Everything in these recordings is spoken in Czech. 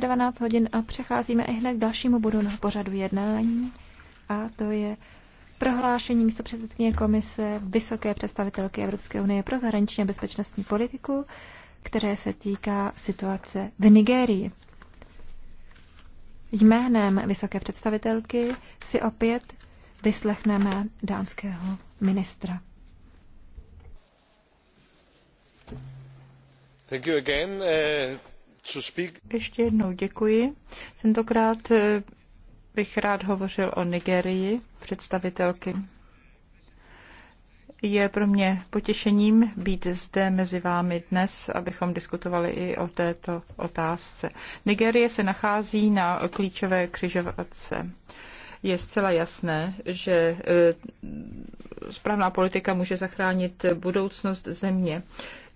ve 12 hodin a přecházíme i hned k dalšímu bodu na pořadu jednání a to je prohlášení místo předsedkyně komise Vysoké představitelky Evropské unie pro zahraniční a bezpečnostní politiku, které se týká situace v Nigérii. Jménem vysoké představitelky si opět vyslechneme dánského ministra. Thank you again. Uh... Ještě jednou děkuji. Tentokrát eh, bych rád hovořil o Nigerii, představitelky. Je pro mě potěšením být zde mezi vámi dnes, abychom diskutovali i o této otázce. Nigerie se nachází na klíčové křižovatce je zcela jasné, že eh, správná politika může zachránit budoucnost země.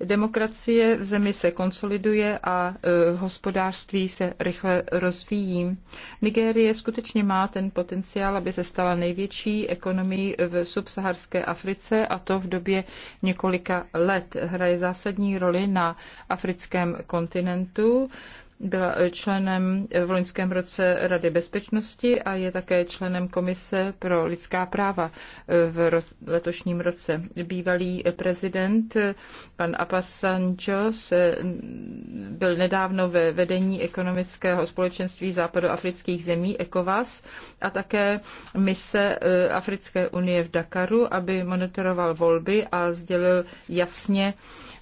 Demokracie v zemi se konsoliduje a e, hospodářství se rychle rozvíjí. Nigérie skutečně má ten potenciál, aby se stala největší ekonomií v subsaharské Africe a to v době několika let. Hraje zásadní roli na africkém kontinentu byla členem v loňském roce Rady bezpečnosti a je také členem Komise pro lidská práva v letošním roce. Bývalý prezident pan Apasanjo byl nedávno ve vedení ekonomického společenství západoafrických zemí ECOWAS a také mise eh, Africké unie v Dakaru, aby monitoroval volby a sdělil jasně,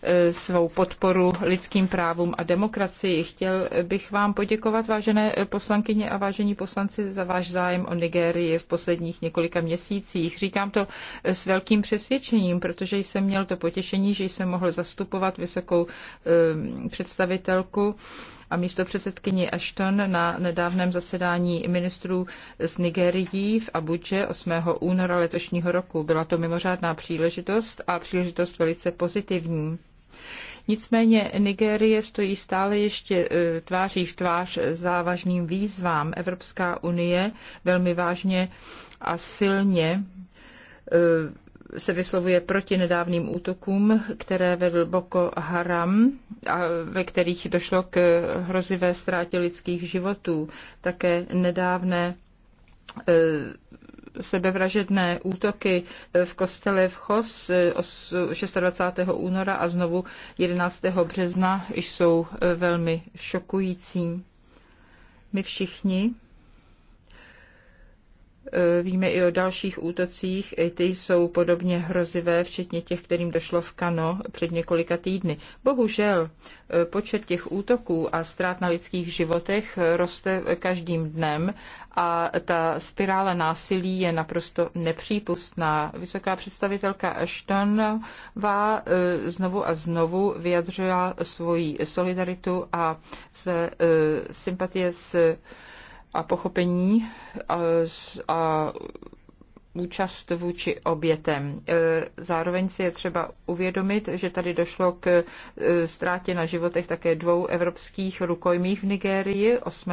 E, svou podporu lidským právům a demokracii. Chtěl bych vám poděkovat, vážené poslankyně a vážení poslanci, za váš zájem o Nigérii v posledních několika měsících. Říkám to s velkým přesvědčením, protože jsem měl to potěšení, že jsem mohl zastupovat vysokou e, představitelku a místo předsedkyni Ashton na nedávném zasedání ministrů z Nigerií v Abudže 8. února letošního roku. Byla to mimořádná příležitost a příležitost velice pozitivní. Nicméně Nigérie stojí stále ještě e, tváří v tvář závažným výzvám. Evropská unie velmi vážně a silně e, se vyslovuje proti nedávným útokům, které vedl Boko Haram a ve kterých došlo k hrozivé ztrátě lidských životů. Také nedávné e, sebevražedné útoky v kostele v Chos 26. Eh, února a znovu 11. března jsou eh, velmi šokující. My všichni Eh, víme i o dalších útocích, i ty jsou podobně hrozivé, včetně těch, kterým došlo v Kano před několika týdny. Bohužel eh, počet těch útoků a ztrát na lidských životech eh, roste každým dnem a ta spirála násilí je naprosto nepřípustná. Vysoká představitelka Ashtonová znovu a znovu vyjadřila svoji solidaritu a své sympatie s a pochopení a, a účast vůči obětem. E, zároveň si je třeba uvědomit, že tady došlo k e, ztrátě na životech také dvou evropských rukojmích v Nigérii 8.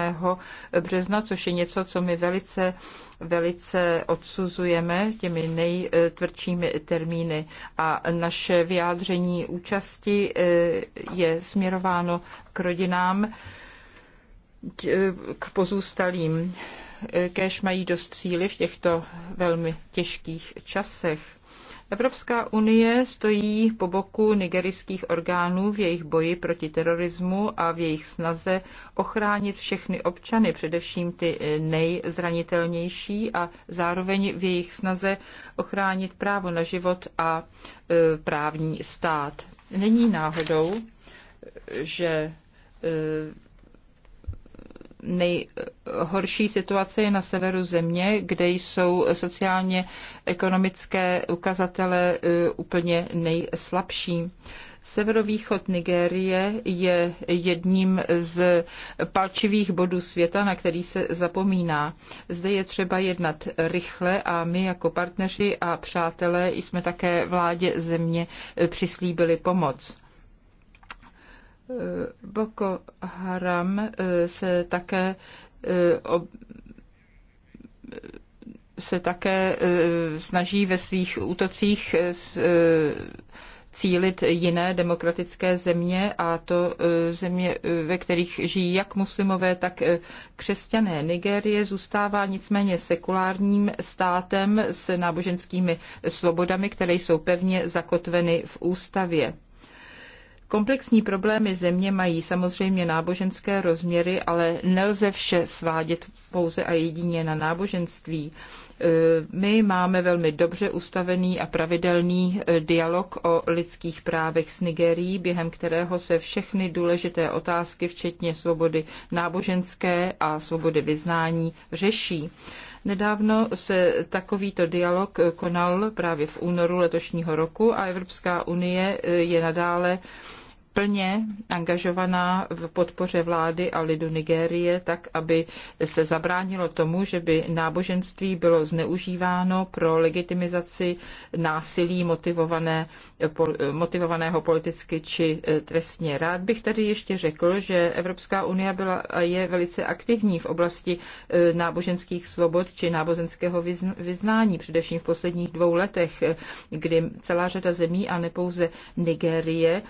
března, což je něco, co my velice, velice odsuzujeme těmi nejtvrdšími termíny. A naše vyjádření účasti e, je směrováno k rodinám, k pozůstalým. Kéž mají dost síly v těchto velmi těžkých časech. Evropská unie stojí po boku nigerijských orgánů v jejich boji proti terorismu a v jejich snaze ochránit všechny občany, především ty nejzranitelnější a zároveň v jejich snaze ochránit právo na život a e, právní stát. Není náhodou, že e, nejhorší situace je na severu země, kde jsou sociálně ekonomické ukazatele e, úplně nejslabší. Severovýchod Nigérie je jedním z palčivých bodů světa, na který se zapomíná. Zde je třeba jednat rychle a my jako partneři a přátelé jsme také vládě země přislíbili pomoc. Eh, Boko Haram eh, se také eh, se také snaží ve svých útocích cílit jiné demokratické země a to země, ve kterých žijí jak muslimové, tak křesťané. Nigérie zůstává nicméně sekulárním státem s náboženskými svobodami, které jsou pevně zakotveny v ústavě. Komplexní problémy země mají samozřejmě náboženské rozměry, ale nelze vše svádět pouze a jedině na náboženství. E, my máme velmi dobře ustavený a pravidelný e, dialog o lidských právech s Nigerií, během kterého se všechny důležité otázky, včetně svobody náboženské a svobody vyznání, řeší. Nedávno se takovýto dialog konal právě v únoru letošního roku a Evropská unie je nadále plně angažovaná v podpoře vlády a lidu Nigérie, tak aby se zabránilo tomu, že by náboženství bylo zneužíváno pro legitimizaci násilí motivované, motivovaného politicky či eh, trestně. Rád bych tady ještě řekl, že Evropská unie byla a je velice aktivní v oblasti eh, náboženských svobod či náboženského vyznání, především v posledních dvou letech, eh, kdy celá řada zemí a nepouze Nigérie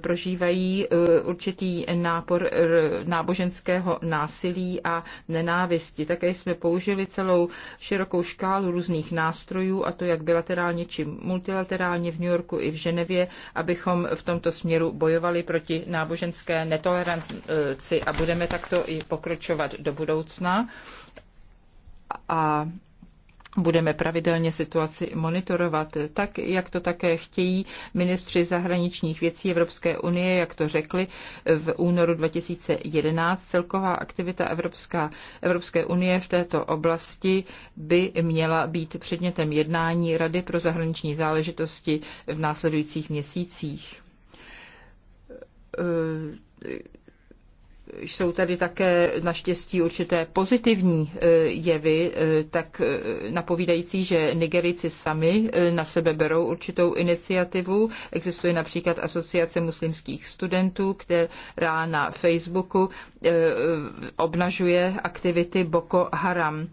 prožívá prožívají eh, určitý nápor eh, náboženského násilí a nenávisti. Také jsme použili celou širokou škálu různých nástrojů, a to jak bilaterálně či multilaterálně v New Yorku i v Ženevě, abychom v tomto směru bojovali proti náboženské netoleranci a budeme takto i pokročovat do budoucna. A Budeme pravidelně situaci monitorovat, tak jak to také chtějí ministři zahraničních věcí Evropské unie, jak to řekli v únoru 2011. Celková aktivita Evropská, Evropské unie v této oblasti by měla být předmětem jednání Rady pro zahraniční záležitosti v následujících měsících jsou tady také naštěstí určité pozitivní eh, jevy, eh, tak eh, napovídající, že Nigerici sami na sebe berou určitou iniciativu. Existuje například asociace muslimských studentů, která na Facebooku obnažuje aktivity Boko Haram.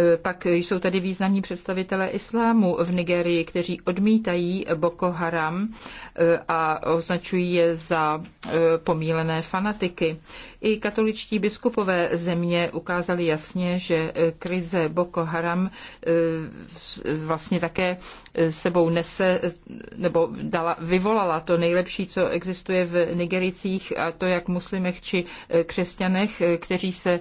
Eh, pak jsou tady významní představitelé islámu v Nigerii, kteří odmítají Boko Haram eh, a označují je za eh, pomílené fanatiky. I katoličtí biskupové země ukázali jasně, že e, krize Boko Haram e, vlastně také e, sebou nese, nebo dala, vyvolala to nejlepší, co existuje v Nigericích, a to jak muslimech či křesťanech, kteří se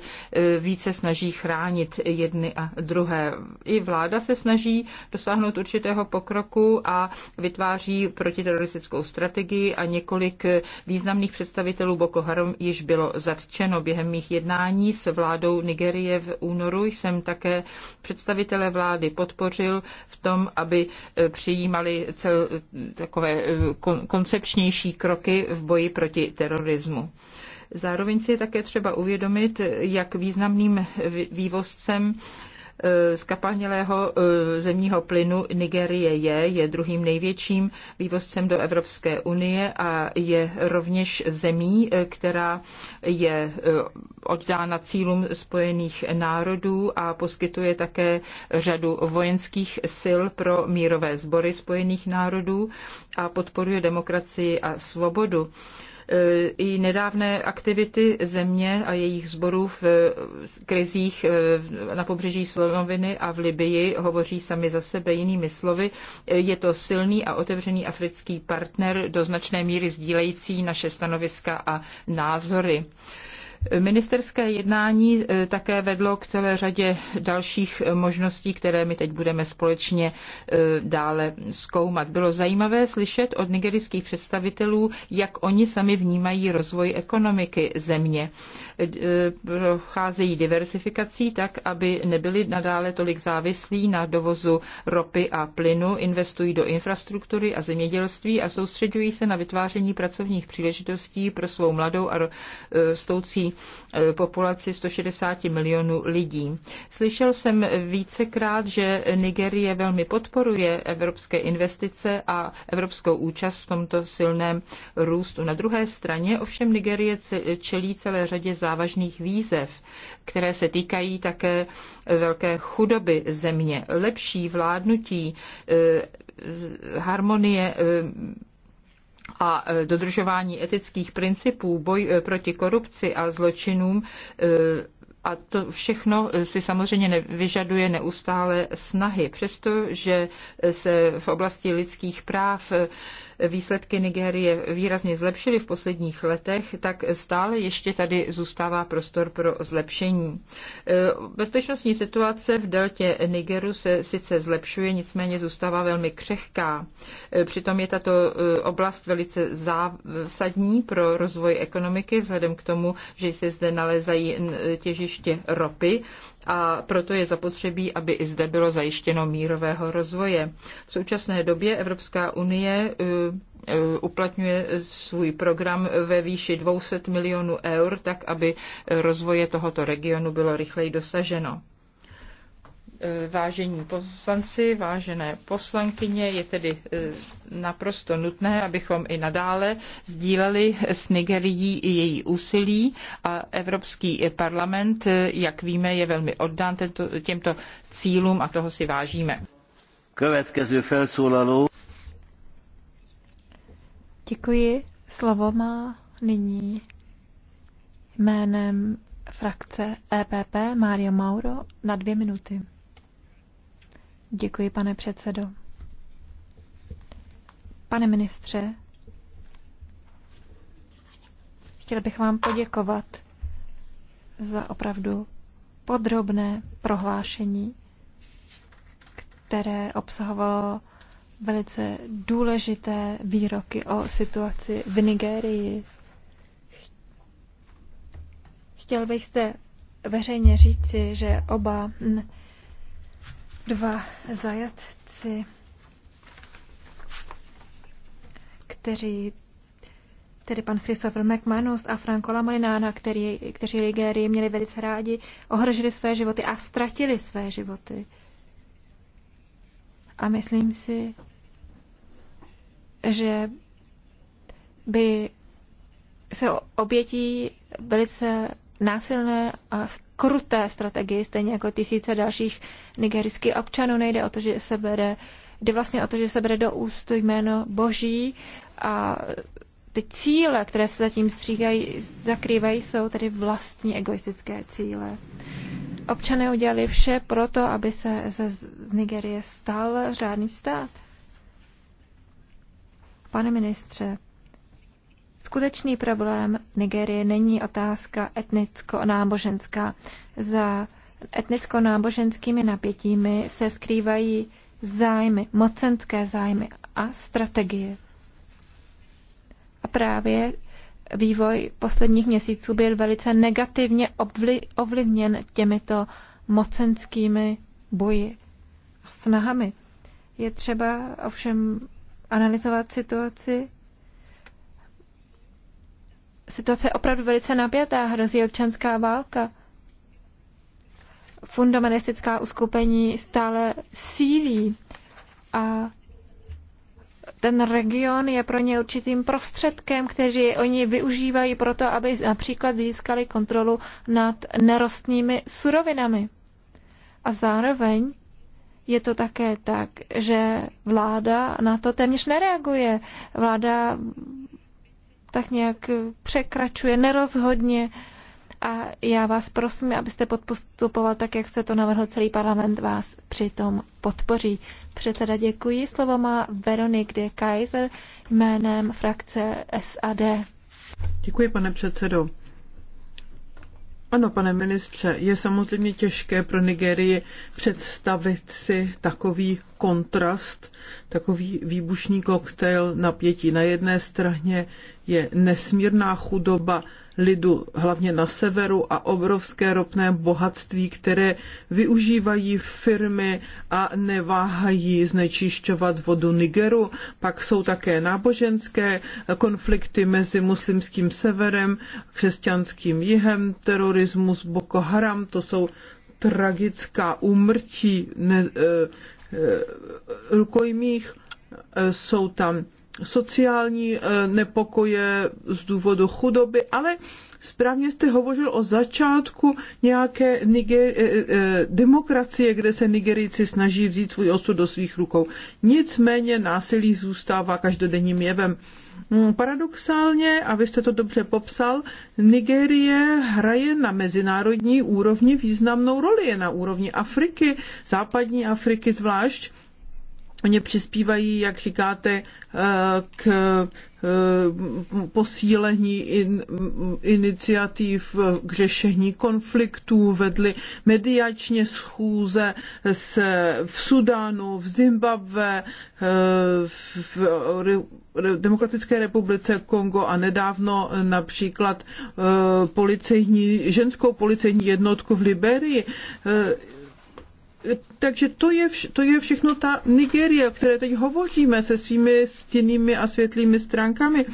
více snaží chránit jedny a druhé. I vláda se snaží dosáhnout určitého pokroku a vytváří protiteroristickou strategii a několik významných představitelů Boko Haram již bylo zatčeno. Během mých jednání s vládou Nigerie v únoru jsem také představitele vlády podpořil v tom, aby e, přijímali cel, e, takové e, koncepčnější kroky v boji proti terorismu. Zároveň si je také třeba uvědomit, jak významným vývozcem Eh, skapalnělého eh, zemního plynu Nigerie je, je druhým největším vývozcem do Evropské unie a je rovněž zemí, eh, která je oddána cílům spojených národů a poskytuje také řadu vojenských sil pro mírové sbory spojených národů a podporuje demokracii a svobodu i nedávné aktivity země a jejich zborů v krizích e, na pobřeží Slonoviny a v Libii hovoří sami za sebe jinými slovy. E, je to silný a otevřený africký partner do značné míry sdílející naše stanoviska a názory. Ministerské jednání eh, také vedlo k celé řadě dalších možností, které my teď budeme společně eh, dále zkoumat. Bylo zajímavé slyšet od nigerijských představitelů, jak oni sami vnímají rozvoj ekonomiky země. Eh, procházejí diversifikací tak, aby nebyli nadále tolik závislí na dovozu ropy a plynu, investují do infrastruktury a zemědělství a soustředují se na vytváření pracovních příležitostí pro svou mladou a rostoucí Eh, populaci 160 milionů lidí. Slyšel jsem vícekrát, že Nigerie velmi podporuje evropské investice a evropskou účast v tomto silném růstu. Na druhé straně ovšem Nigerie čelí celé řadě závažných výzev, které se týkají také velké chudoby země, lepší vládnutí, eh, harmonie eh, a e, dodržování etických principů, boj e, proti korupci a zločinům e, a to všechno si samozřejmě vyžaduje neustále snahy. Přestože se v oblasti lidských práv výsledky Nigérie výrazně zlepšily v posledních letech, tak stále ještě tady zůstává prostor pro zlepšení. E, bezpečnostní situace v deltě Nigeru se sice zlepšuje, nicméně zůstává velmi křehká. E, přitom je tato e, oblast velice zásadní pro rozvoj ekonomiky, vzhledem k tomu, že se zde nalézají těžiště ropy a proto je zapotřebí, aby i zde bylo zajištěno mírového rozvoje. V současné době Evropská unie e, e, uplatňuje svůj program ve výši 200 milionů eur, tak aby rozvoje tohoto regionu bylo rychleji dosaženo. Eh, vážení poslanci, vážené poslankyně, je tedy eh, naprosto nutné, abychom i nadále sdíleli s Nigerií i její úsilí a Evropský parlament, eh, jak víme, je velmi oddán tento, těmto cílům a toho si vážíme. Děkuji. Slovo má nyní jménem frakce EPP Mario Mauro na dvě minuty. Děkuji, pane předsedo. Pane ministře, chtěl bych vám poděkovat za opravdu podrobné prohlášení, které obsahovalo velice důležité výroky o situaci v Nigérii. Chtěl bych zde veřejně říci, že oba dva zajatci, kteří tedy pan Christopher McManus a Franco Lamolinána, který, kteří Ligérii měli velice rádi, ohrožili své životy a ztratili své životy. A myslím si, že by se obětí velice násilné a kruté strategii, stejně jako tisíce dalších nigerijských občanů. Nejde o to, že se bere, jde vlastně o to, že se bere do úst jméno Boží a ty cíle, které se zatím střígají, zakrývají, jsou tedy vlastní egoistické cíle. Občané udělali vše pro to, aby se ze, z Nigerie stal řádný stát. Pane ministře, Skutečný problém Nigérie není otázka etnicko-náboženská. Za etnicko-náboženskými napětími se skrývají zájmy, mocenské zájmy a strategie. A právě vývoj posledních měsíců byl velice negativně ovlivněn těmito mocenskými boji a snahami. Je třeba ovšem analyzovat situaci situace je opravdu velice napjatá, hrozí občanská válka. Fundamentalistická uskupení stále sílí a ten region je pro ně určitým prostředkem, který oni využívají proto, aby například získali kontrolu nad nerostnými surovinami. A zároveň je to také tak, že vláda na to téměř nereaguje. Vláda tak nějak překračuje nerozhodně a já vás prosím, abyste podpostupoval tak, jak se to navrhl celý parlament, vás přitom podpoří. Předseda děkuji. Slovo má Veronik de Kaiser jménem frakce SAD. Děkuji, pane předsedo. Ano, pane ministře, je samozřejmě těžké pro Nigerii představit si takový kontrast, takový výbušný koktejl napětí. Na jedné straně je nesmírná chudoba, lidu, hlavně na severu, a obrovské ropné bohatství, které využívají firmy a neváhají znečišťovat vodu Nigeru. Pak jsou také náboženské konflikty mezi muslimským severem, křesťanským jihem, terorismus Boko Haram, to jsou tragická úmrtí ne, e, e, rukojmích, e, jsou tam sociální eh, nepokoje z důvodu chudoby, ale správně jste hovořil o začátku nějaké Niger, eh, eh, demokracie, kde se Nigerijci snaží vzít svůj osud do svých rukou. Nicméně násilí zůstává každodenním jevem. Hmm, paradoxálně, a vy jste to dobře popsal, Nigérie hraje na mezinárodní úrovni významnou roli, je na úrovni Afriky, západní Afriky zvlášť Oni přispívají, jak říkáte, eh, k eh, posílení in, iniciativ k řešení konfliktů, vedli mediačně schůze s, v Sudánu, v Zimbabve, eh, v, Demokratické republice Kongo a nedávno například policejní, ženskou policejní jednotku v Liberii takže to je, vš, to je všechno ta Nigérie, o které teď hovoříme se svými stěnými a světlými stránkami.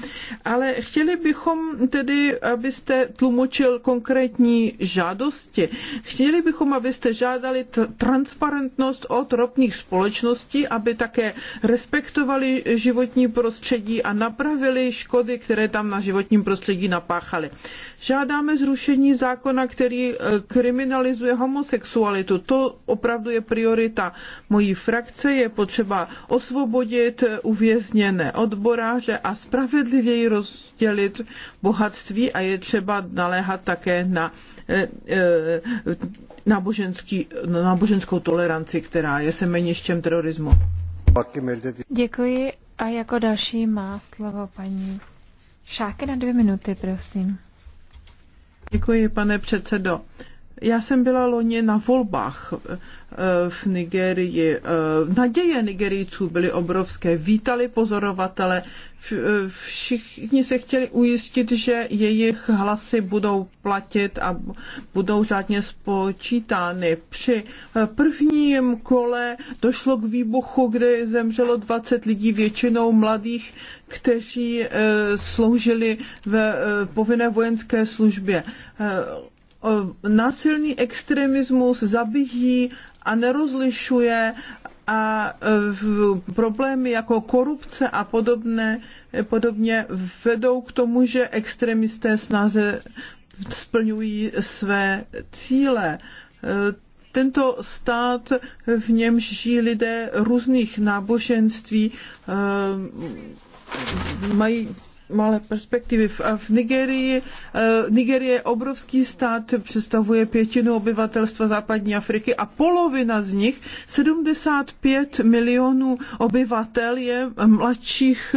Ale chtěli bychom tedy, abyste tlumočil konkrétní žádosti. Chtěli bychom, abyste žádali transparentnost od ropných společností, aby také respektovali životní prostředí a napravili škody, které tam na životním prostředí napáchali. Žádáme zrušení zákona, který eh, kriminalizuje homosexualitu. To opravdu opravdu je priorita mojí frakce. Je potřeba osvobodit uvězněné odboráře a spravedlivěji rozdělit bohatství a je třeba naléhat také na eh, eh, náboženský, náboženskou toleranci, která je semeništěm terorismu. Děkuji a jako další má slovo paní Šáke na dvě minuty, prosím. Děkuji, pane předsedo. Já jsem byla loni na volbách Eh, v Nigerii. Eh, naděje Nigerijců byly obrovské. Vítali pozorovatele. Eh, všichni se chtěli ujistit, že jejich hlasy budou platit a budou řádně spočítány. Při prvním kole došlo k výbuchu, kdy zemřelo 20 lidí, většinou mladých, kteří sloužili ve povinné vojenské službě násilný extremismus zabíjí a nerozlišuje a e, problémy jako korupce a podobné, podobně vedou k tomu, že extremisté snáze splňují své cíle. E, tento stát, v němž žijí lidé různých náboženství, e, mají malé perspektivy. V, v Nigerii, eh, Nigerie je obrovský stát, představuje pětinu obyvatelstva západní Afriky a polovina z nich, 75 milionů obyvatel je mladších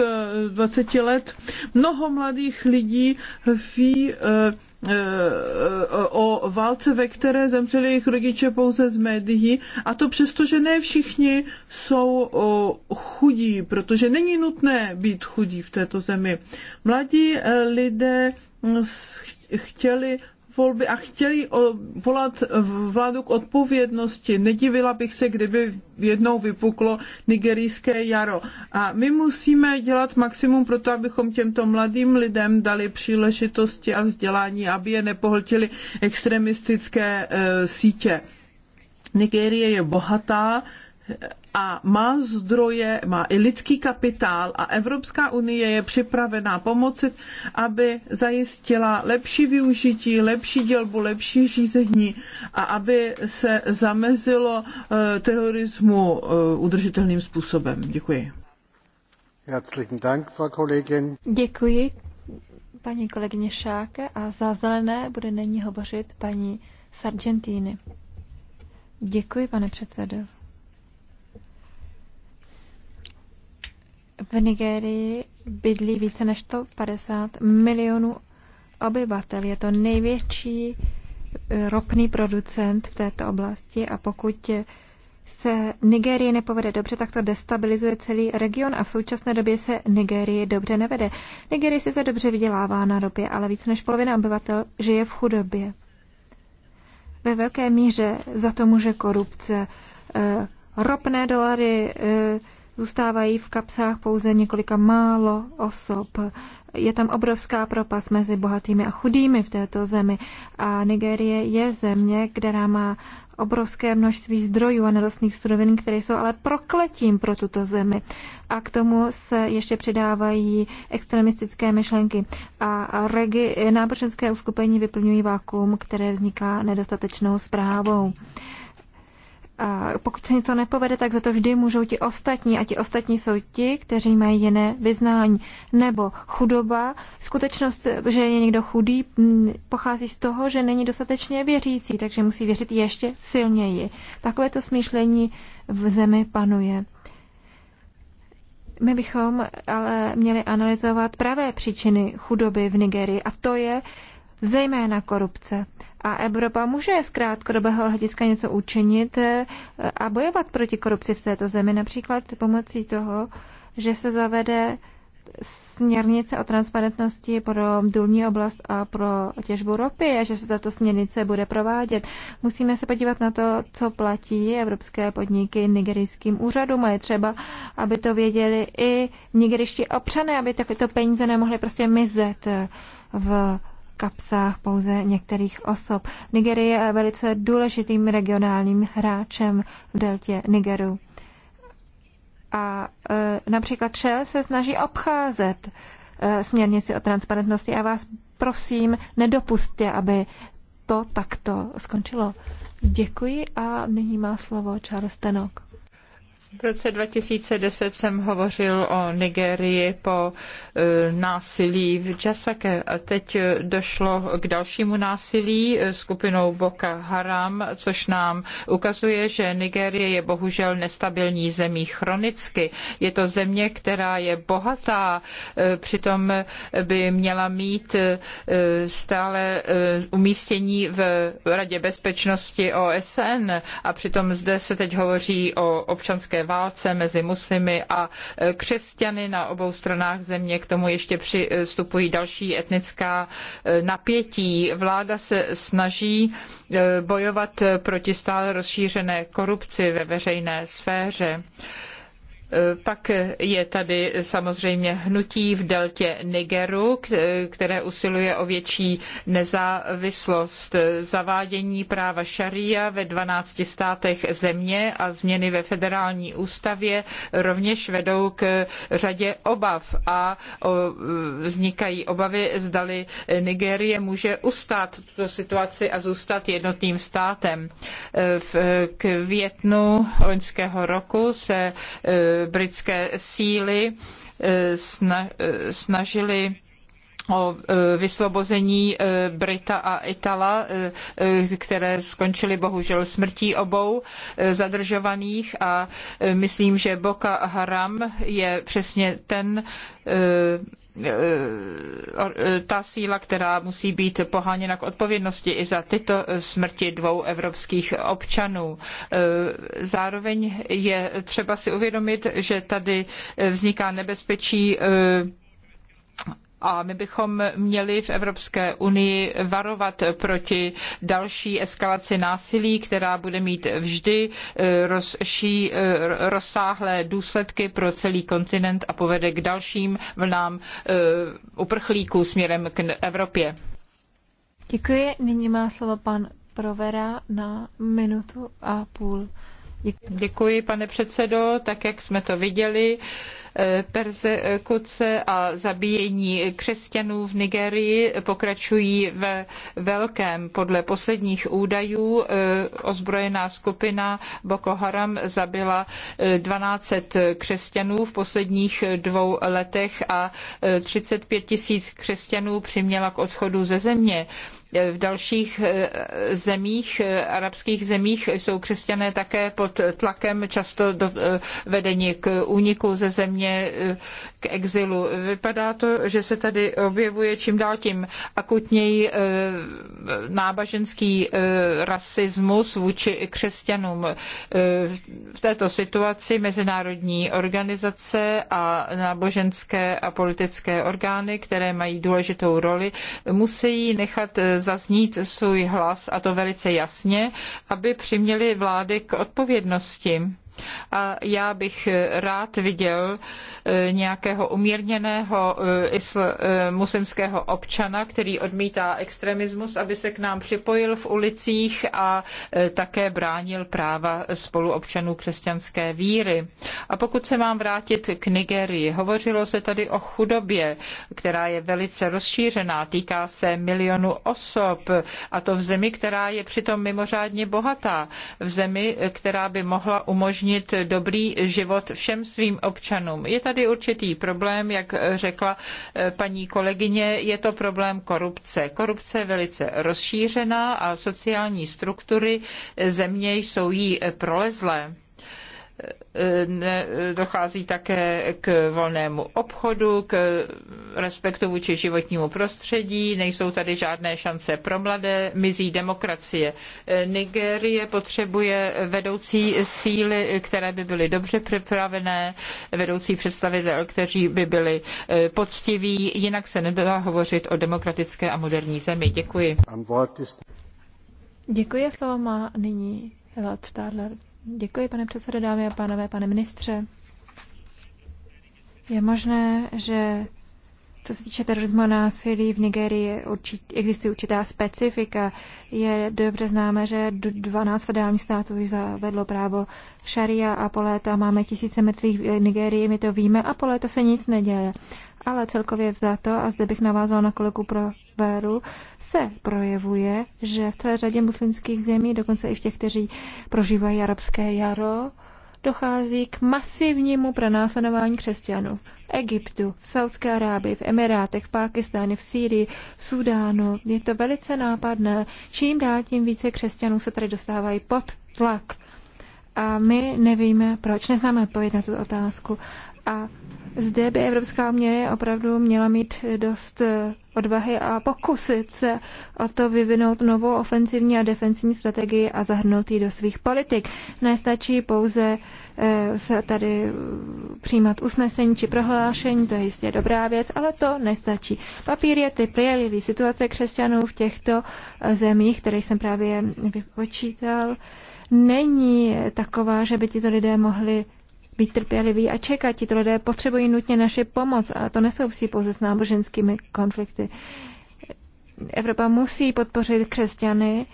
20 eh, let. Mnoho mladých lidí ví, eh, o válce, ve které zemřeli jejich rodiče pouze z médií. A to přesto, že ne všichni jsou chudí, protože není nutné být chudí v této zemi. Mladí eh, lidé hm, chtěli volby a chtěli volat vládu k odpovědnosti. Nedivila bych se, kdyby jednou vypuklo nigerijské jaro. A my musíme dělat maximum pro to, abychom těmto mladým lidem dali příležitosti a vzdělání, aby je nepohltili extremistické e, sítě. Nigérie je bohatá, a má zdroje, má i lidský kapitál a Evropská unie je připravená pomoci, aby zajistila lepší využití, lepší dělbu, lepší řízení a aby se zamezilo eh, terorismu eh, udržitelným způsobem. Děkuji. Herzlichen Dank, Frau Kollegin. Děkuji paní kolegyně Šáke a za zelené bude nyní hovořit paní Sargentini. Děkuji, pane předsedo. V Nigérii bydlí více než 150 milionů obyvatel. Je to největší eh, ropný producent v této oblasti a pokud se Nigérie nepovede dobře, tak to destabilizuje celý region a v současné době se Nigérie dobře nevede. Nigérie si se dobře vydělává na ropě, ale více než polovina obyvatel žije v chudobě. Ve velké míře za to může korupce, eh, ropné dolary, eh, zůstávají v kapsách pouze několika málo osob. Je tam obrovská propast mezi bohatými a chudými v této zemi a Nigérie je země, která má obrovské množství zdrojů a nerostných surovin, které jsou ale prokletím pro tuto zemi. A k tomu se ještě přidávají extremistické myšlenky. A regi- náboženské uskupení vyplňují vákuum, které vzniká nedostatečnou zprávou. A pokud se něco nepovede, tak za to vždy můžou ti ostatní. A ti ostatní jsou ti, kteří mají jiné vyznání. Nebo chudoba. Skutečnost, že je někdo chudý, pochází z toho, že není dostatečně věřící, takže musí věřit ještě silněji. Takové to smýšlení v zemi panuje. My bychom ale měli analyzovat pravé příčiny chudoby v Nigerii. A to je zejména korupce. A Evropa může z krátkodobého hlediska něco učinit eh, a bojovat proti korupci v této zemi, například pomocí toho, že se zavede směrnice o transparentnosti pro důlní oblast a pro těžbu ropy a že se tato směrnice bude provádět. Musíme se podívat na to, co platí evropské podniky nigerijským úřadům a je třeba, aby to věděli i nigeriští občané, aby takovéto peníze nemohly prostě mizet eh, v kapsách pouze některých osob. Nigerie je velice důležitým regionálním hráčem v deltě Nigeru. A e, například Shell se snaží obcházet e, směrnici o transparentnosti. a vás prosím, nedopustě, aby to takto skončilo. Děkuji a nyní má slovo Charles Tenok. V roce 2010 jsem hovořil o Nigerii po e, násilí v Jasake a teď e, došlo k dalšímu násilí e, skupinou Boka Haram, což nám ukazuje, že Nigérie je bohužel nestabilní zemí chronicky. Je to země, která je bohatá, přitom by měla mít stále umístění v Radě bezpečnosti OSN a přitom zde se teď hovoří o občanské občanské válce mezi muslimy a e, křesťany na obou stranách země. K tomu ještě přistupují další etnická e, napětí. Vláda se snaží e, bojovat proti stále rozšířené korupci ve veřejné sféře. Eh, pak je tady samozřejmě hnutí v deltě Nigeru, eh, které usiluje o větší nezávislost, zavádění práva šaria ve 12 státech země a změny ve federální ústavě rovněž vedou k řadě obav a eh, vznikají obavy, zdali Nigérie může ustát tuto situaci a zůstat jednotným státem. V květnu loňského roku se britské síly eh, eh, snažily o eh, vysvobození Brita a Itala, které skončily bohužel smrtí obou zadržovaných a myslím, že Boko Haram je přesně ten Eh, ta síla, která musí být poháněna k odpovědnosti i za tyto smrti dvou evropských občanů. Eh, zároveň je třeba si uvědomit, že tady vzniká nebezpečí eh, a my bychom měli v Evropské unii varovat proti další eskalaci násilí, která bude mít vždy eh, rozší, eh, rozsáhlé důsledky pro celý kontinent a povede k dalším vlnám eh, uprchlíků směrem k Evropě. Děkuji. Nyní má slovo pan Provera na minutu a půl. Děkuji, pane předsedo. Tak, jak jsme to viděli, Persekuce a zabíjení křesťanů v Nigerii pokračují ve velkém. Podle posledních údajů eh, ozbrojená skupina Boko Haram zabila 12 eh, křesťanů v posledních dvou letech a 35 eh, tisíc křesťanů přiměla k odchodu ze země. V dalších zemích, arabských zemích, jsou křesťané také pod tlakem, často vedeni k úniku ze země Ukrajině eh, k exilu. Vypadá to, že se tady objevuje čím dál tím akutněji eh, náboženský eh, rasismus vůči křesťanům. V této situaci mezinárodní organizace a náboženské a politické orgány, které mají důležitou roli, musí nechat zaznít svůj hlas, a to velice jasně, aby přiměli vlády k odpovědnosti. A já bych rád viděl e, nějakého umírněného e, e, muslimského občana, který odmítá extremismus, aby se k nám připojil v ulicích a také bránil práva spoluobčanů křesťanské víry. A pokud se mám vrátit k Nigerii, hovořilo se tady o chudobě, která je velice rozšířená, týká se milionu osob a to v zemi, která je přitom mimořádně bohatá, v zemi, která by mohla umožnit umožnit dobrý život všem svým občanům. Je tady určitý problém, jak řekla eh, paní kolegyně, je to problém korupce. Korupce je velice rozšířená a sociální struktury země jsou jí prolezlé dochází také k volnému obchodu, k respektu vůči životnímu prostředí, nejsou tady žádné šance pro mladé, mizí demokracie. Nigérie potřebuje vedoucí síly, které by byly dobře připravené, vedoucí představitel, kteří by byli eh, poctiví, jinak se nedá hovořit o demokratické a moderní zemi. Děkuji. Děkuji, slovo má nyní Evad Stadler. Děkuji, pane předsedo, dámy a pánové, pane ministře. Je možné, že co se týče terorismu a násilí v Nigerii, určit, existují určitá specifika. Je dobře známe, že 12 federálních států už zavedlo právo šaria a po léta máme tisíce mrtvých v Nigerii, my to víme a po léta se nic neděje. Ale celkově vzato, a zde bych navázal na kolegu pro Akbaru se projevuje, že v celé řadě muslimských zemí, dokonce i v těch, kteří prožívají arabské jaro, dochází k masivnímu pronásledování křesťanů. V Egyptu, v Saudské Arábii, v Emirátech, v Pákistánu, v Sýrii, v Sudánu. Je to velice nápadné. Čím dál tím více křesťanů se tady dostávají pod tlak. A my nevíme proč, neznáme odpověď na tu otázku. A zde by Evropská unie opravdu měla mít dost eh, odvahy a pokusit se o to vyvinout novou ofensivní a defensivní strategii a zahrnout ji do svých politik. Nestačí pouze eh, se tady eh, přijímat usnesení či prohlášení, to je jistě dobrá věc, ale to nestačí. Papír je trpělivý. Situace křesťanů v těchto zemích, které jsem právě vypočítal, není taková, že by tito lidé mohli být trpěliví a čekat. Tito lidé potřebují nutně naši pomoc a to nesouvisí pouze s náboženskými konflikty. Evropa musí podpořit křesťany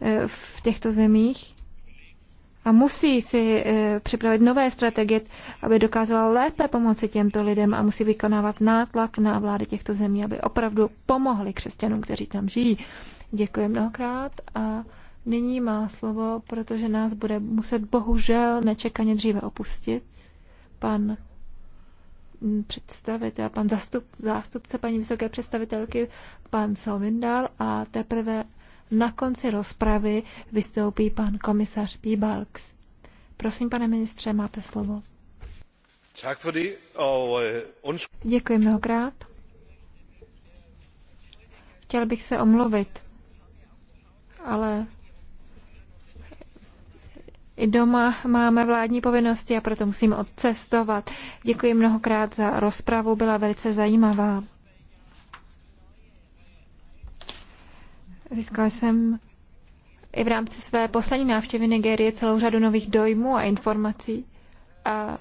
eh, v těchto zemích a musí si eh, připravit nové strategie, aby dokázala lépe pomoci těmto lidem a musí vykonávat nátlak na vlády těchto zemí, aby opravdu pomohli křesťanům, kteří tam žijí. Děkuji mnohokrát a nyní má slovo, protože nás bude muset bohužel nečekaně dříve opustit, pan představitel, pan zastup, zástupce paní vysoké představitelky, pan Sovindal a teprve na konci rozpravy vystoupí pan komisař Pibalks. Prosím, pane ministře, máte slovo. Øh, Děkuji mnohokrát. Chtěl bych se omluvit, ale i doma máme vládní povinnosti a proto musíme odcestovat. Děkuji mnohokrát za rozpravu, byla velice zajímavá. Získala jsem i v rámci své poslední návštěvy Nigérie celou řadu nových dojmů a informací. A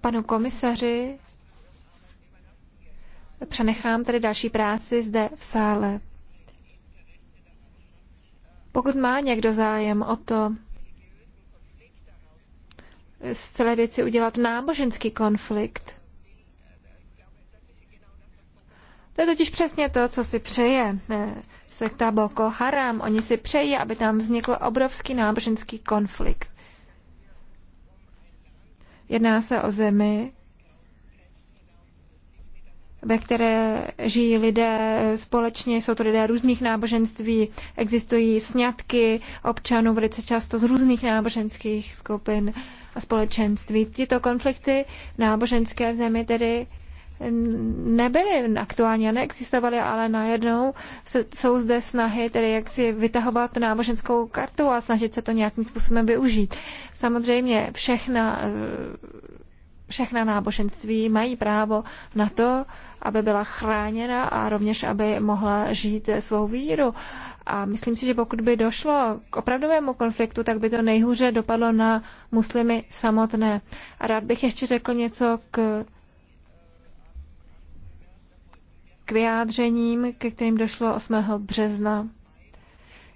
panu komisaři přenechám tedy další práci zde v sále. Pokud má někdo zájem o to z celé věci udělat náboženský konflikt, to je totiž přesně to, co si přeje eh, sekta Boko Haram. Oni si přejí, aby tam vznikl obrovský náboženský konflikt. Jedná se o zemi, ve které žijí lidé společně, jsou to lidé různých náboženství, existují sňatky občanů velice často z různých náboženských skupin a společenství. Tyto konflikty náboženské v zemi tedy nebyly aktuálně, neexistovaly, ale najednou se, jsou zde snahy tedy jak si vytahovat náboženskou kartu a snažit se to nějakým způsobem využít. Samozřejmě všechna všechna náboženství mají právo na to, aby byla chráněna a rovněž, aby mohla žít svou víru. A myslím si, že pokud by došlo k opravdovému konfliktu, tak by to nejhůře dopadlo na muslimy samotné. A rád bych ještě řekl něco k k vyjádřením, ke kterým došlo 8. března.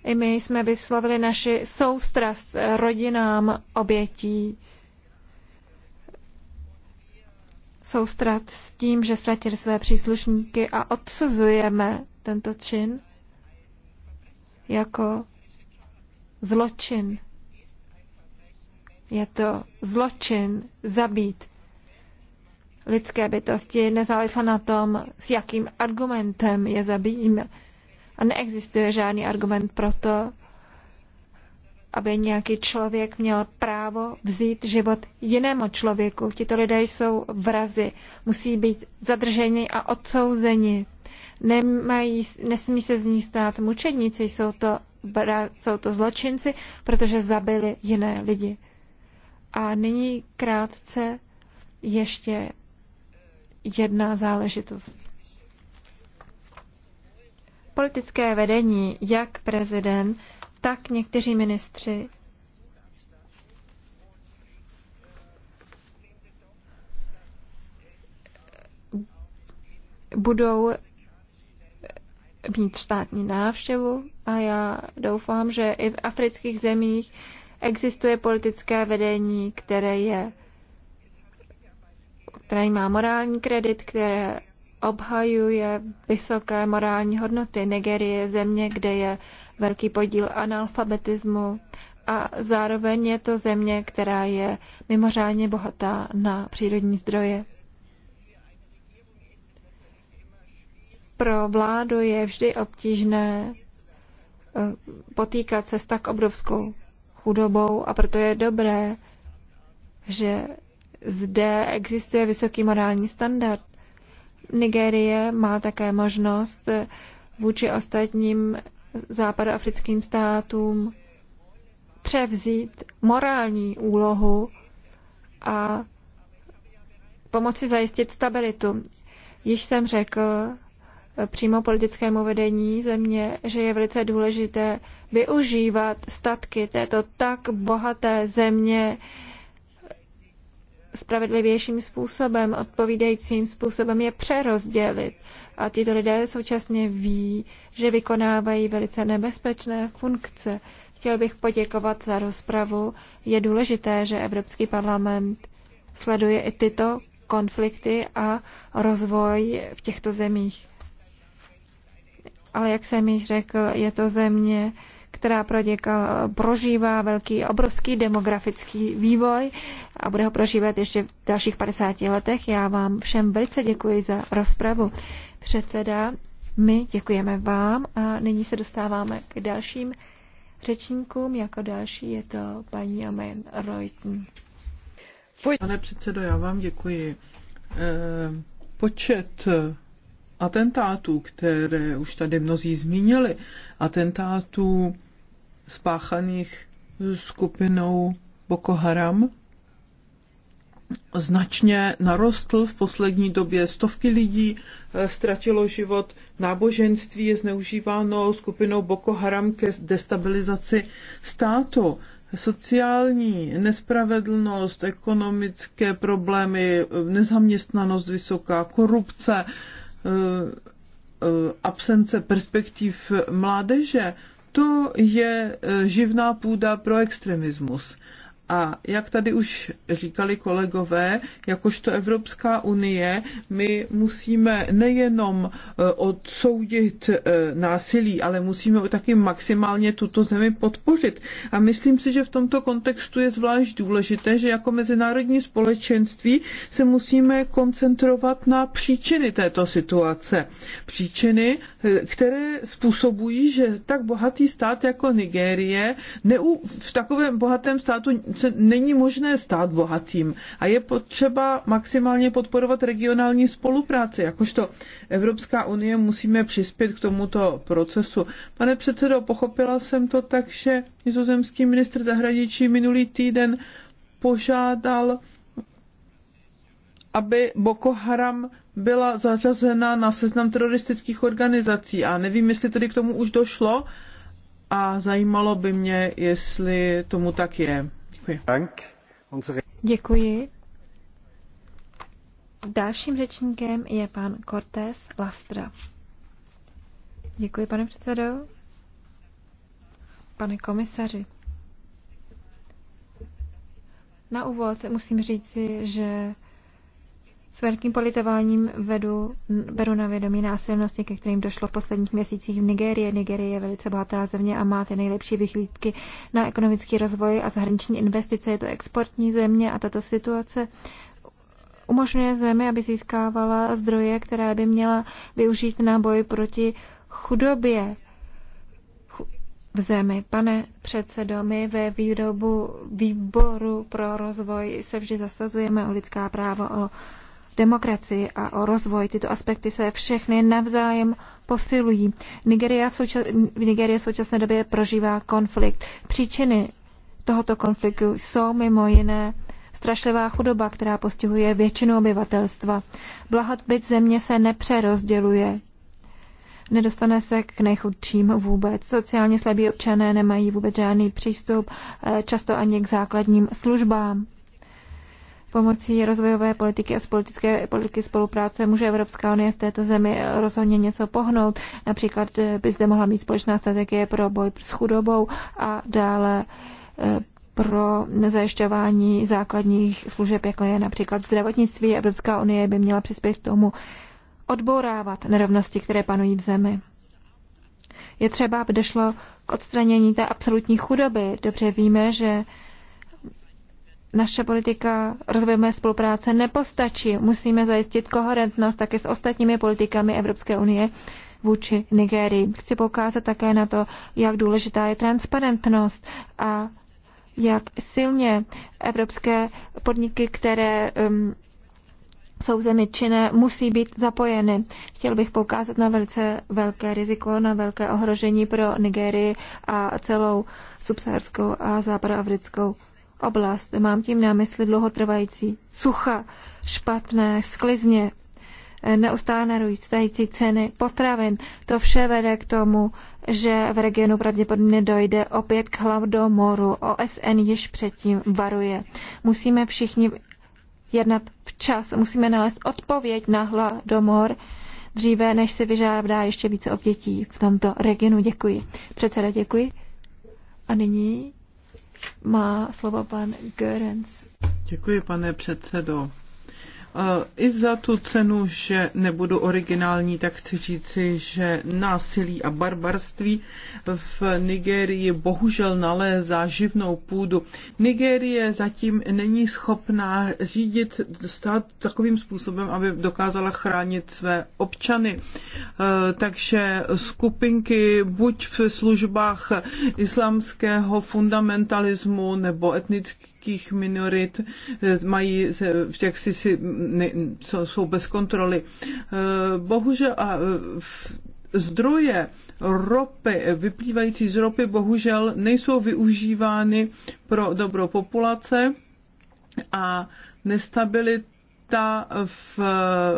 I my jsme vyslovili naši soustrast rodinám obětí soustrat s tím, že ztratili své příslušníky a odsuzujeme tento čin jako zločin. Je to zločin zabít lidské bytosti, nezávisle na tom, s jakým argumentem je zabijíme. A neexistuje žádný argument pro to, aby nějaký člověk měl právo vzít život jinému člověku. Tito lidé jsou vrazy, musí být zadrženi a odsouzeni. Nemají, nesmí se z ní stát mučeníci, jsou to, jsou to zločinci, protože zabili jiné lidi. A nyní krátce ještě jedna záležitost. Politické vedení, jak prezident, tak někteří ministři budou mít státní návštěvu a já doufám, že i v afrických zemích existuje politické vedení, které je které má morální kredit, které obhajuje vysoké morální hodnoty. Nigerie je země, kde je velký podíl analfabetismu a zároveň je to země, která je mimořádně bohatá na přírodní zdroje. Pro vládu je vždy obtížné eh, potýkat se s tak obrovskou chudobou a proto je dobré, že zde existuje vysoký morální standard. Nigérie má také možnost eh, vůči ostatním západoafrickým státům převzít morální úlohu a pomoci zajistit stabilitu. Již jsem řekl přímo politickému vedení země, že je velice důležité využívat statky této tak bohaté země spravedlivějším způsobem, odpovídajícím způsobem je přerozdělit. A tito lidé současně ví, že vykonávají velice nebezpečné funkce. Chtěl bych poděkovat za rozpravu. Je důležité, že Evropský parlament sleduje i tyto konflikty a rozvoj v těchto zemích. Ale jak jsem již řekl, je to země, která proděkala, prožívá velký, obrovský demografický vývoj a bude ho prožívat ještě v dalších 50 letech. Já vám všem velice děkuji za rozpravu. Předseda, my děkujeme vám a nyní se dostáváme k dalším řečníkům. Jako další je to paní Amen Reuten. Pane předsedo, já vám děkuji. Eh, počet eh, atentátů, které už tady mnozí zmínili, atentátů spáchaných skupinou Boko Haram značně narostl v poslední době. Stovky lidí eh, ztratilo život, náboženství je zneužíváno skupinou Boko Haram ke destabilizaci státu. Sociální nespravedlnost, ekonomické problémy, nezaměstnanost vysoká, korupce, eh, eh, absence perspektiv mládeže, to je eh, živná půda pro extremismus. A jak tady už říkali kolegové, jakožto Evropská unie, my musíme nejenom e, odsoudit e, násilí, ale musíme taky maximálně tuto zemi podpořit. A myslím si, že v tomto kontextu je zvlášť důležité, že jako mezinárodní společenství se musíme koncentrovat na příčiny této situace. Příčiny, e, které způsobují, že tak bohatý stát jako Nigérie, v takovém bohatém státu není možné stát bohatým a je potřeba maximálně podporovat regionální spolupráci. Jakožto Evropská unie musíme přispět k tomuto procesu. Pane předsedo, pochopila jsem to tak, že nizozemský ministr zahraničí minulý týden požádal, aby Boko Haram byla zařazena na seznam teroristických organizací. A nevím, jestli tedy k tomu už došlo, a zajímalo by mě, jestli tomu tak je. Děkuji. Děkuji. Dalším řečníkem je pan Cortés Lastra. Děkuji, pane předsedo. Pane komisaři. Na úvod musím říci, že s velkým politováním vedu, beru na vědomí násilnosti, ke kterým došlo v posledních měsících v Nigérii. Nigérie je velice bohatá země a má ty nejlepší vyhlídky na ekonomický rozvoj a zahraniční investice. Je to exportní země a tato situace umožňuje zemi, aby získávala zdroje, které by měla využít na boj proti chudobě v zemi. Pane předsedo, my ve výrobu výboru pro rozvoj se vždy zasazujeme o lidská práva, o demokracii a o rozvoj. Tyto aspekty se všechny navzájem posilují. Nigeria v, souča- v v současné době prožívá konflikt. Příčiny tohoto konfliktu jsou mimo jiné strašlivá chudoba, která postihuje většinu obyvatelstva. Blahobyt země se nepřerozděluje. Nedostane se k nejchudším vůbec. Sociálně slabí občané nemají vůbec žádný přístup, eh, často ani k základním službám. Pomocí rozvojové politiky a politické politiky spolupráce může Evropská unie v této zemi rozhodně něco pohnout. Například eh, by zde mohla mít společná strategie pro boj s chudobou a dále eh, pro zajišťování základních služeb, jako je například zdravotnictví. Evropská unie by měla přispět k tomu odbourávat nerovnosti, které panují v zemi. Je třeba, aby došlo k odstranění té absolutní chudoby. Dobře víme, že naše politika rozvojové spolupráce nepostačí. Musíme zajistit koherentnost také s ostatními politikami Evropské unie vůči Nigérii. Chci poukázat také na to, jak důležitá je transparentnost a jak silně evropské podniky, které um, jsou zemi činné, musí být zapojeny. Chtěl bych poukázat na velice velké riziko, na velké ohrožení pro Nigérii a celou subsaharskou a západoafrickou oblast. Mám tím na mysli dlouhotrvající sucha, špatné sklizně, eh, neustále narůstající ceny potravin. To vše vede k tomu, že v regionu pravděpodobně dojde opět k hladomoru. OSN již předtím varuje. Musíme všichni jednat včas, musíme nalézt odpověď na hladomor dříve, než se vyžádá ještě více obětí v tomto regionu. Děkuji. Předseda, děkuji. A nyní má slovo pan Görens. Děkuji, pane předsedo. I za tu cenu, že nebudu originální, tak chci říci, že násilí a barbarství v Nigérii bohužel nalézá živnou půdu. Nigérie zatím není schopná řídit stát takovým způsobem, aby dokázala chránit své občany. E, takže skupinky buď v službách islamského fundamentalismu nebo etnických minorit e, mají jaksi si ne, jsou bez kontroly. Eh, bohužel a eh, zdroje ropy, vyplývající z ropy, bohužel nejsou využívány pro dobro populace a nestabilita v,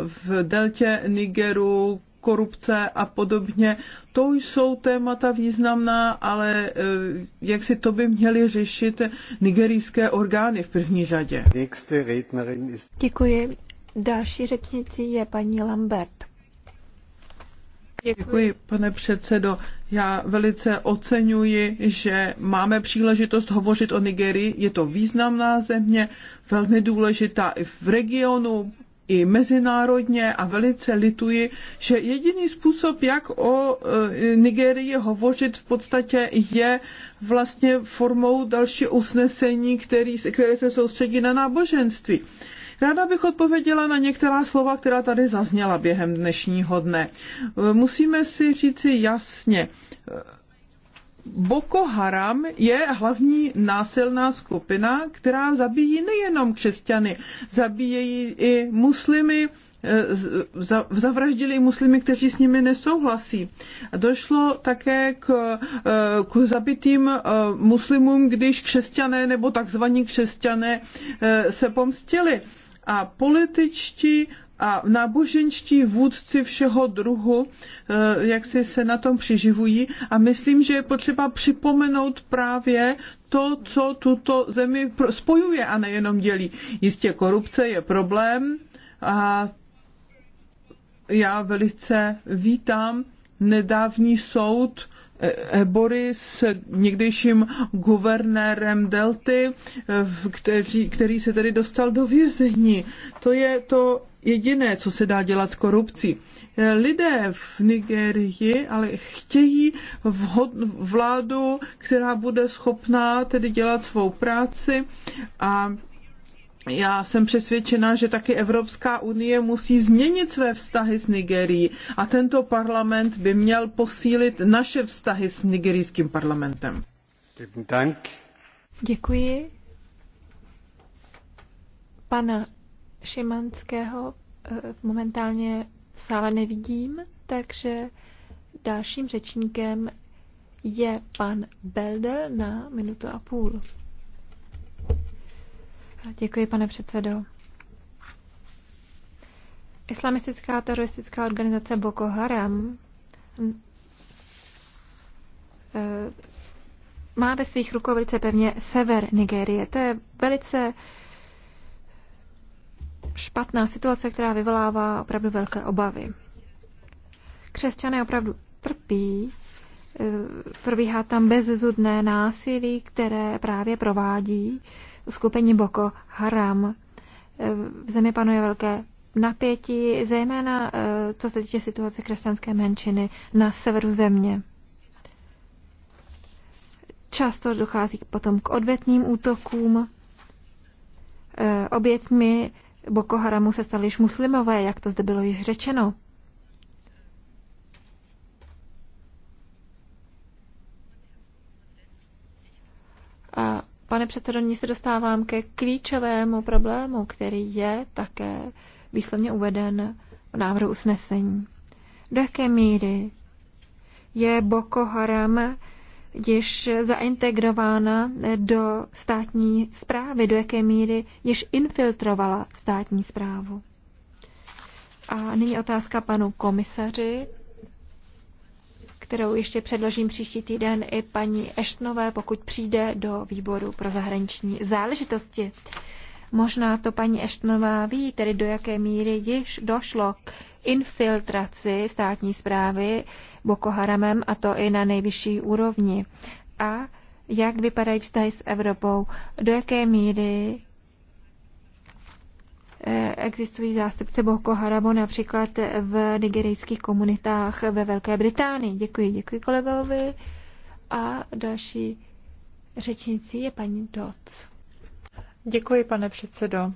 v deltě Nigeru, korupce a podobně. To jsou témata významná, ale eh, jak si to by měly řešit nigerijské orgány v první řadě. Děkuji. Další řečnicí je paní Lambert. Děkuji. pane předsedo. Já velice oceňuji, že máme příležitost hovořit o Nigerii. Je to významná země, velmi důležitá i v regionu, i mezinárodně a velice lituji, že jediný způsob, jak o e, Nigerii hovořit v podstatě je vlastně formou další usnesení, který, které se soustředí na náboženství. Ráda bych odpověděla na některá slova, která tady zazněla během dnešního dne. E, musíme si říci jasně, Boko Haram je hlavní násilná skupina, která zabíjí nejenom křesťany, zabíjejí i muslimy, e, zavraždili muslimy, kteří s nimi nesouhlasí. Došlo také k, e, k zabitým e, muslimům, když křesťané nebo takzvaní křesťané se pomstili. A političtí a náboženští vůdci všeho druhu, eh, jak si se na tom přiživují a myslím, že je potřeba připomenout právě to, co tuto zemi spojuje a nejenom dělí. Jistě korupce je problém a já velice vítám nedávní soud Ebory s někdejším guvernérem Delty, který, který se tedy dostal do vězení. To je to jediné, co se dá dělat s korupcí. Lidé v Nigerii ale chtějí vhod, vládu, která bude schopná tedy dělat svou práci a já jsem přesvědčena, že taky Evropská unie musí změnit své vztahy s Nigerií a tento parlament by měl posílit naše vztahy s nigerijským parlamentem. Děkuji. Pana Šimanského eh, momentálně v sále nevidím, takže dalším řečníkem je pan Belder na minutu a půl. Děkuji, pane předsedo. Islamistická teroristická organizace Boko Haram e, má ve svých rukou velice pevně sever Nigérie. To je velice špatná situace, která vyvolává opravdu velké obavy. Křesťané opravdu trpí, e, probíhá tam bezzudné násilí, které právě provádí uskupení Boko Haram. V zemi panuje velké napětí, zejména eh, co se týče situace křesťanské menšiny na severu země. Často dochází potom k odvetným útokům. Eh, oběťmi Boko Haramu se stali již muslimové, jak to zde bylo již řečeno. pane předsedo, nyní se dostávám ke klíčovému problému, který je také výslovně uveden v návrhu usnesení. Do jaké míry je Boko Haram již zaintegrována do státní zprávy, do jaké míry již infiltrovala státní zprávu. A nyní otázka panu komisaři kterou ještě předložím příští týden i paní Eštnové, pokud přijde do výboru pro zahraniční záležitosti. Možná to paní Eštnová ví, tedy do jaké míry již došlo k infiltraci státní zprávy Boko Haramem, a to i na nejvyšší úrovni. A jak vypadají vztahy s Evropou, do jaké míry Eh, existují zástupce Boko Haramu například v nigerijských komunitách ve Velké Británii. Děkuji, děkuji kolegovi. A další řečnicí je paní Doc. Děkuji, pane předsedo.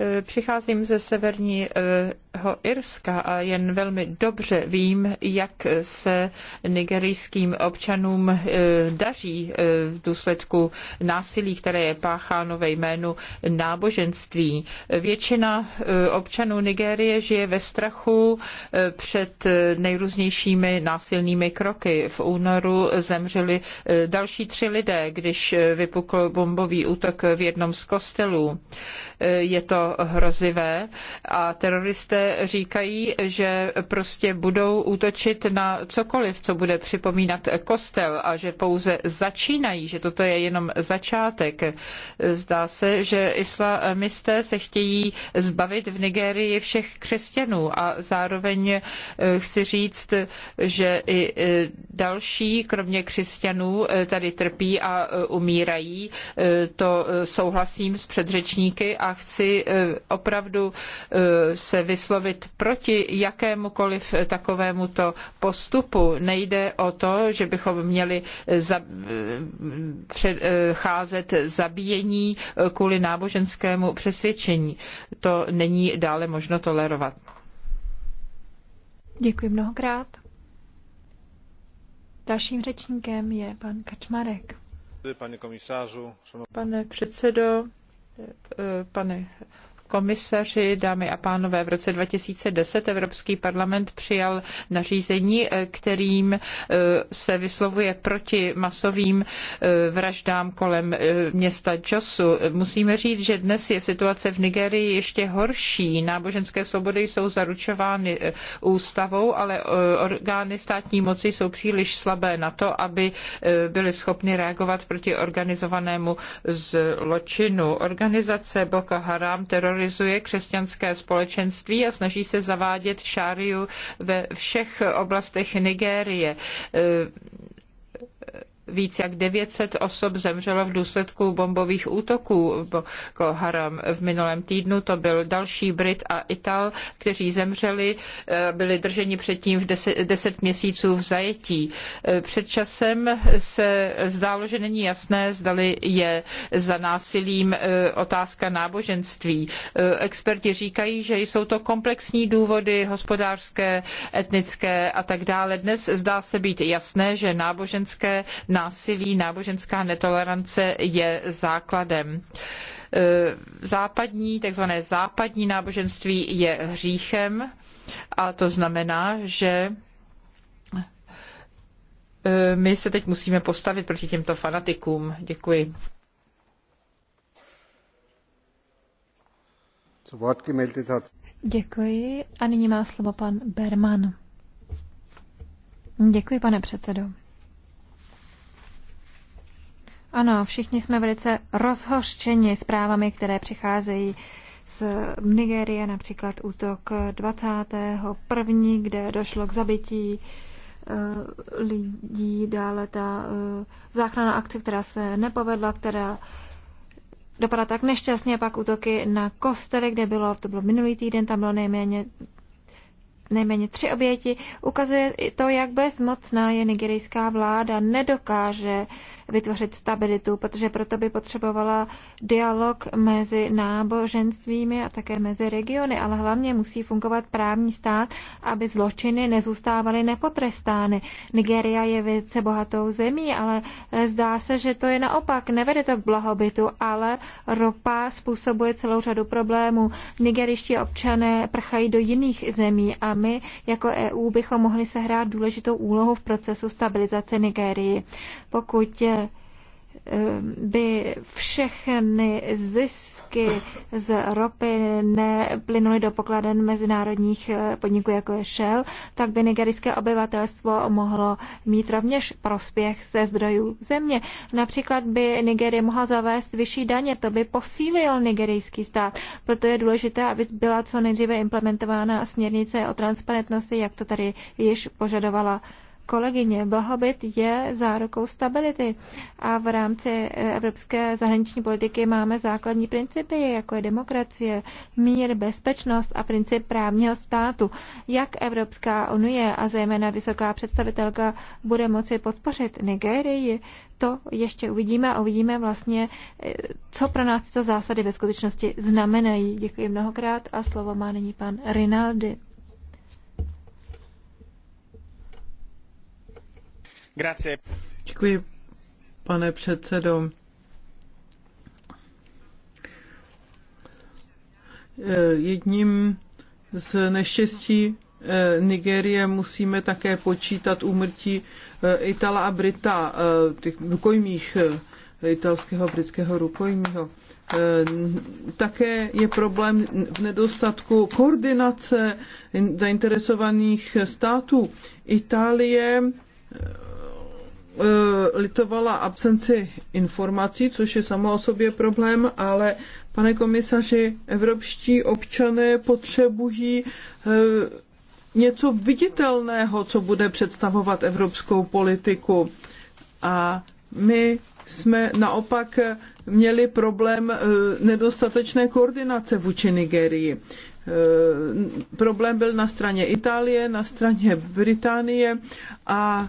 Eh, přicházím ze severní eh, Irska a jen velmi dobře vím, jak se nigerijským občanům eh, daří eh, v důsledku násilí, které je pácháno ve jménu náboženství. Většina eh, občanů Nigérie žije ve strachu před nejrůznějšími násilnými kroky. V únoru zemřeli další tři lidé, když vypukl bombový útok v jednom z kostelů. Je to hrozivé a teroristé říkají, že prostě budou útočit na cokoliv, co bude připomínat kostel a že pouze začínají, že toto je jenom začátek. Zdá se, že islamisté se chtějí zbavit v Nigérii všech křesťanů a zároveň eh, chci říct, že i eh, další, kromě křesťanů, eh, tady trpí a umírají. To souhlasím s předřečníky a chci opravdu se vyslovit vyslovit proti jakémukoliv takovémuto postupu. Nejde o to, že bychom měli za, předcházet zabíjení kvůli náboženskému přesvědčení. To není dále možno tolerovat. Děkuji mnohokrát. Dalším řečníkem je pan Kačmarek. Pane komisářu, Pane předsedo, eh, pane komisaři, dámy a pánové, v roce 2010 Evropský parlament přijal nařízení, eh, kterým eh, se vyslovuje proti masovým eh, vraždám kolem města Josu. Musíme říct, že dnes je situace v Nigerii ještě horší. Náboženské svobody jsou zaručovány ústavou, ale orgány státní moci jsou příliš slabé na to, aby byly schopny reagovat proti organizovanému zločinu. Organizace Boko Haram, terorismus, radikalizuje křesťanské společenství a snaží se zavádět šáriu ve všech oblastech Nigérie. Víc jak 900 osob zemřelo v důsledku bombových útoků Boko Haram. V minulém týdnu to byl další Brit a Ital, kteří zemřeli, eh, byli drženi předtím v 10 měsíců v zajetí. Eh, před časem se zdálo, že není jasné, zdali je za násilím eh, otázka náboženství. Experti říkají, že jsou to komplexní důvody hospodářské, etnické a tak dále. Dnes zdá se být jasné, že náboženské násilí násilí, náboženská netolerance je základem e, západní, takzvané západní náboženství je hříchem a to znamená, že e, my se teď musíme postavit proti těmto fanatikům. Děkuji. Děkuji a nyní má slovo pan Berman. Děkuji, pane předsedo. Ano, všichni jsme velice rozhořčeni zprávami, které přicházejí z Nigérie, například útok 21., kde došlo k zabití eh, lidí, dále ta eh, záchrana akce, která se nepovedla, která dopadla tak nešťastně, pak útoky na kostely, kde bylo, to bylo minulý týden, tam bylo nejméně nejméně tři oběti, ukazuje to, jak bezmocná je nigerijská vláda, nedokáže vytvořit stabilitu, protože proto by potřebovala dialog mezi náboženstvími a také mezi regiony, ale hlavně musí fungovat právní stát, aby zločiny nezůstávaly nepotrestány. Nigeria je velice bohatou zemí, ale eh, zdá se, že to je naopak. Nevede to k blahobytu, ale ropa způsobuje celou řadu problémů. Nigeriští občané prchají do jiných zemí a my jako EU bychom mohli sehrát důležitou úlohu v procesu stabilizace Nigérie, Pokud eh, by všechny zisky z ropy neplynuly do pokladen mezinárodních eh, podniků, jako je Shell, tak by nigerijské obyvatelstvo mohlo mít rovněž prospěch ze zdrojů země. Například by Nigerie mohla zavést vyšší daně, to by posílil nigerijský stát. Proto je důležité, aby byla co nejdříve implementována směrnice o transparentnosti, jak to tady již požadovala kolegyně. Blahobyt je zárukou stability a v rámci evropské zahraniční politiky máme základní principy, jako je demokracie, mír, bezpečnost a princip právního státu. Jak Evropská unie a zejména vysoká představitelka bude moci podpořit Nigerii, to ještě uvidíme a uvidíme vlastně, co pro nás tyto zásady ve skutečnosti znamenají. Děkuji mnohokrát a slovo má nyní pan Rinaldi. Děkuji, pane předsedo. Eh, jedním z neštěstí eh, Nigérie musíme také počítat úmrtí eh, Itala a Brita, těch rukojmích, italského a britského rukojmího. Také je problém v nedostatku koordinace zainteresovaných států. Itálie E, litovala absenci informací, což je samo o sobě problém, ale pane komisaři, evropští občané potřebují e, něco viditelného, co bude představovat evropskou politiku. A my jsme naopak měli problém e, nedostatečné koordinace vůči Nigerii. Problém byl na straně Itálie, na straně Británie a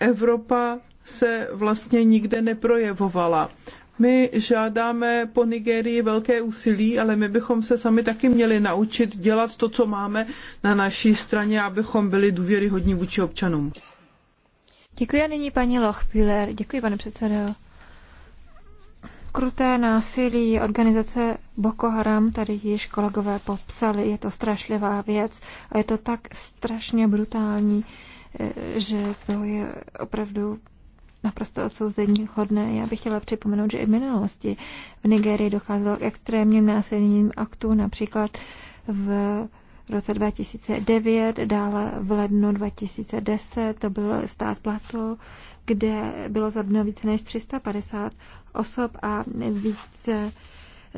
Evropa se vlastně nikde neprojevovala. My žádáme po Nigerii velké úsilí, ale my bychom se sami taky měli naučit dělat to, co máme na naší straně, abychom byli důvěryhodní vůči občanům. Děkuji a nyní paní Lochpiller. Děkuji, pane předsedo. Kruté násilí organizace Boko Haram tady již kolegové popsali. Je to strašlivá věc a je to tak strašně brutální že to je opravdu naprosto odsouzení hodné. Já bych chtěla připomenout, že i v minulosti v Nigerii docházelo k extrémním násilným aktům, například v roce 2009, dále v lednu 2010, to byl stát Plato, kde bylo zabito více než 350 osob a více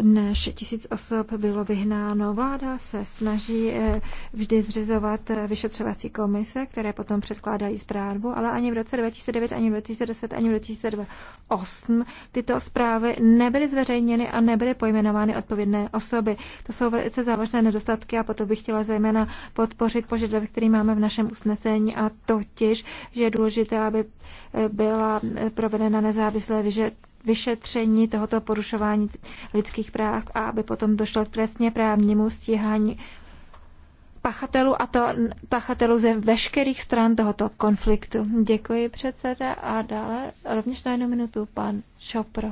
než tisíc osob bylo vyhnáno. Vláda se snaží eh, vždy zřizovat eh, vyšetřovací komise, které potom předkládají zprávu, ale ani v roce 2009, ani v 2010, ani v 2008 tyto zprávy nebyly zveřejněny a nebyly pojmenovány odpovědné osoby. To jsou velice závažné nedostatky a proto bych chtěla zejména podpořit požadavek, který máme v našem usnesení a totiž, že je důležité, aby eh, byla provedena nezávislé vyšetřování vyšetření tohoto porušování lidských práv a aby potom došlo k trestně právnímu stíhání pachatelů a to pachatelů ze veškerých stran tohoto konfliktu. Děkuji předseda a dále rovněž na jednu minutu pan Šopro.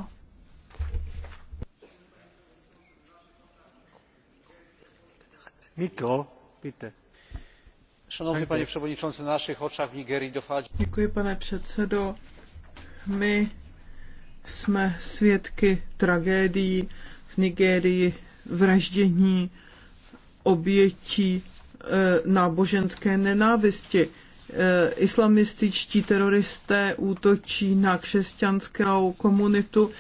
Mikro, píte. Szanowny pane przewodniczący, na Nigerii My jsme svědky tragédií v Nigérii, vraždění obětí e, náboženské nenávisti. E, Islamističtí teroristé útočí na křesťanskou komunitu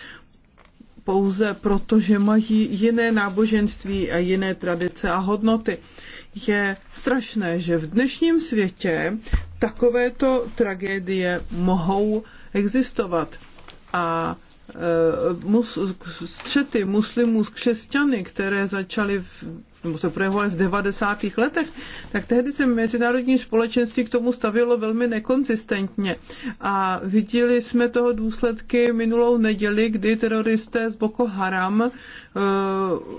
pouze proto, že mají jiné náboženství a jiné tradice a hodnoty. Je strašné, že v dnešním světě takovéto tragédie mohou existovat a e, mus, střety muslimů s křesťany, které začaly v, nebo se projevovaly v 90. letech, tak tehdy se mezinárodní společenství k tomu stavilo velmi nekonzistentně. A viděli jsme toho důsledky minulou neděli, kdy teroristé z Boko Haram uh,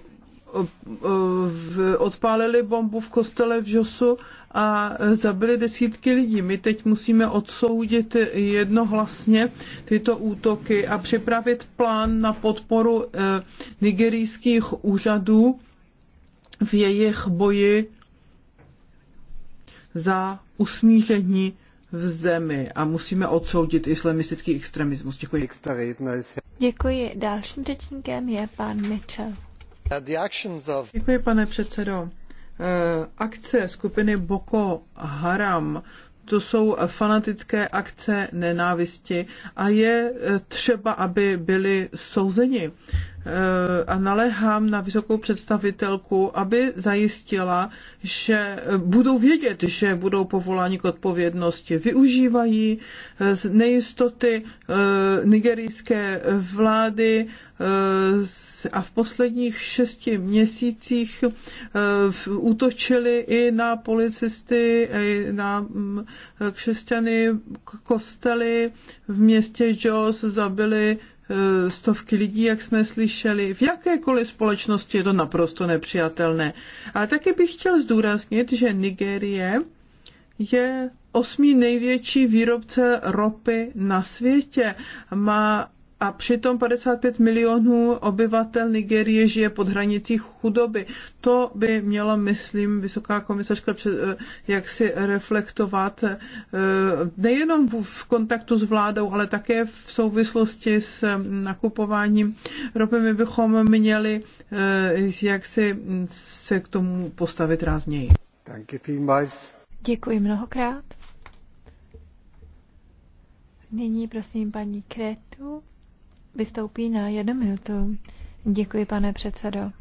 odpálili bombu v kostele v Žosu a zabili desítky lidí. My teď musíme odsoudit jednohlasně tyto útoky a připravit plán na podporu eh, nigerijských úřadů v jejich boji za usmíření v zemi a musíme odsoudit islamistický extremismus. Děkuji. Děkuji. Dalším řečníkem je pan Mitchell. Děkuji, pane předsedo. Eh, akce skupiny Boko Haram to jsou fanatické akce nenávisti a je eh, třeba, aby byli souzeni. Eh, a naléhám na vysokou představitelku, aby zajistila, že budou vědět, že budou povoláni k odpovědnosti. Využívají z nejistoty nigerijské vlády Eh, a v posledních šesti měsících eh, útočili i na policisty, i na mm, křesťany, kostely v městě Jos, zabili eh, stovky lidí, jak jsme slyšeli. V jakékoliv společnosti je to naprosto nepřijatelné. A taky bych chtěl zdůraznit, že Nigérie je osmý největší výrobce ropy na světě. Má a přitom 55 milionů obyvatel Nigérie žije pod hranicí chudoby. To by měla, myslím, vysoká komisařka eh, jak si reflektovat eh, nejenom v kontaktu s vládou, ale také v souvislosti s mm, nakupováním ropy. My bychom měli eh, jak si mm, se k tomu postavit rázněji. Děkuji mnohokrát. Nyní prosím paní Kretu vystoupí na jednu minutu. Děkuji, pane předsedo.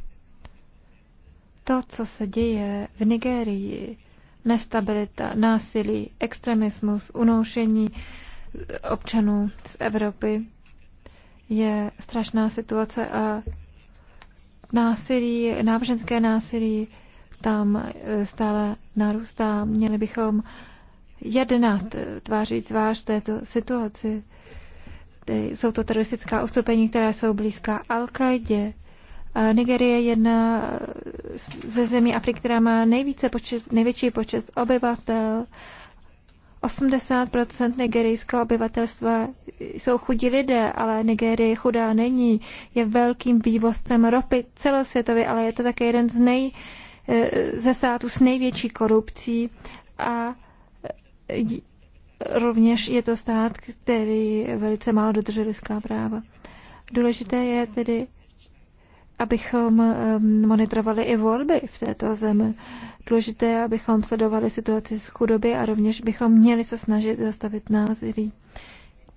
To, co se děje v Nigérii, nestabilita, násilí, extremismus, unoušení občanů z Evropy, je strašná situace a násilí, náboženské násilí tam e, stále narůstá. Měli bychom jednat e, tváří tvář této situaci. Jsou to teroristická uskupení, která jsou blízká al qaidě Nigerie je jedna ze zemí Afriky, která má nejvíce počet, největší počet obyvatel. 80% nigerijského obyvatelstva jsou chudí lidé, ale Nigérie chudá není. Je velkým vývozcem ropy celosvětově, ale je to také jeden z nej, eh, ze států s největší korupcí a eh, Rovněž je to stát, který velice málo dodržuje lidská práva. Důležité je tedy, abychom monitorovali i volby v této zemi. Důležité je, abychom sledovali situaci z chudoby a rovněž bychom měli se snažit zastavit názory.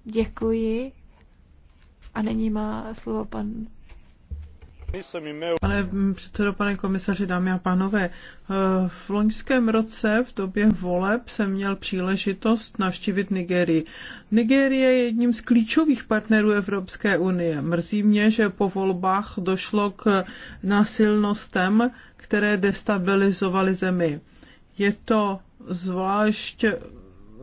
Děkuji. A nyní má slovo pan Pane předsedo, pane komisaři, dámy a pánové, eh, v loňském roce v době voleb jsem měl příležitost navštívit Nigerii. Nigérie je jedním z klíčových partnerů Evropské unie. Mrzí mě, že po volbách došlo k násilnostem, které destabilizovaly zemi. Je to zvlášť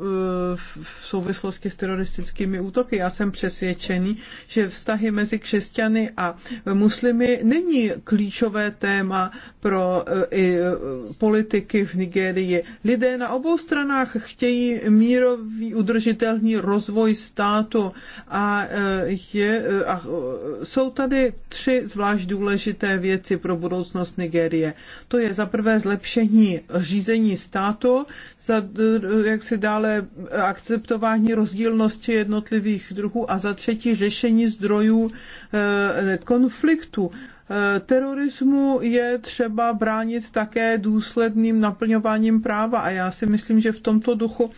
Eh, v souvislosti s teroristickými útoky. Já jsem přesvědčený, že vztahy mezi křesťany a muslimy není klíčové téma pro eh, i eh, politiky v Nigérii. Lidé na obou stranách chtějí mírový udržitelný rozvoj státu a, je, a jsou tady tři zvlášť důležité věci pro budoucnost Nigérie. To je za prvé zlepšení řízení státu, za, jak si dále akceptování rozdílnosti jednotlivých druhů a za třetí řešení zdrojů eh, konfliktu. Eh, terorismu je třeba bránit také důsledným naplňováním práva a já si myslím, že v tomto duchu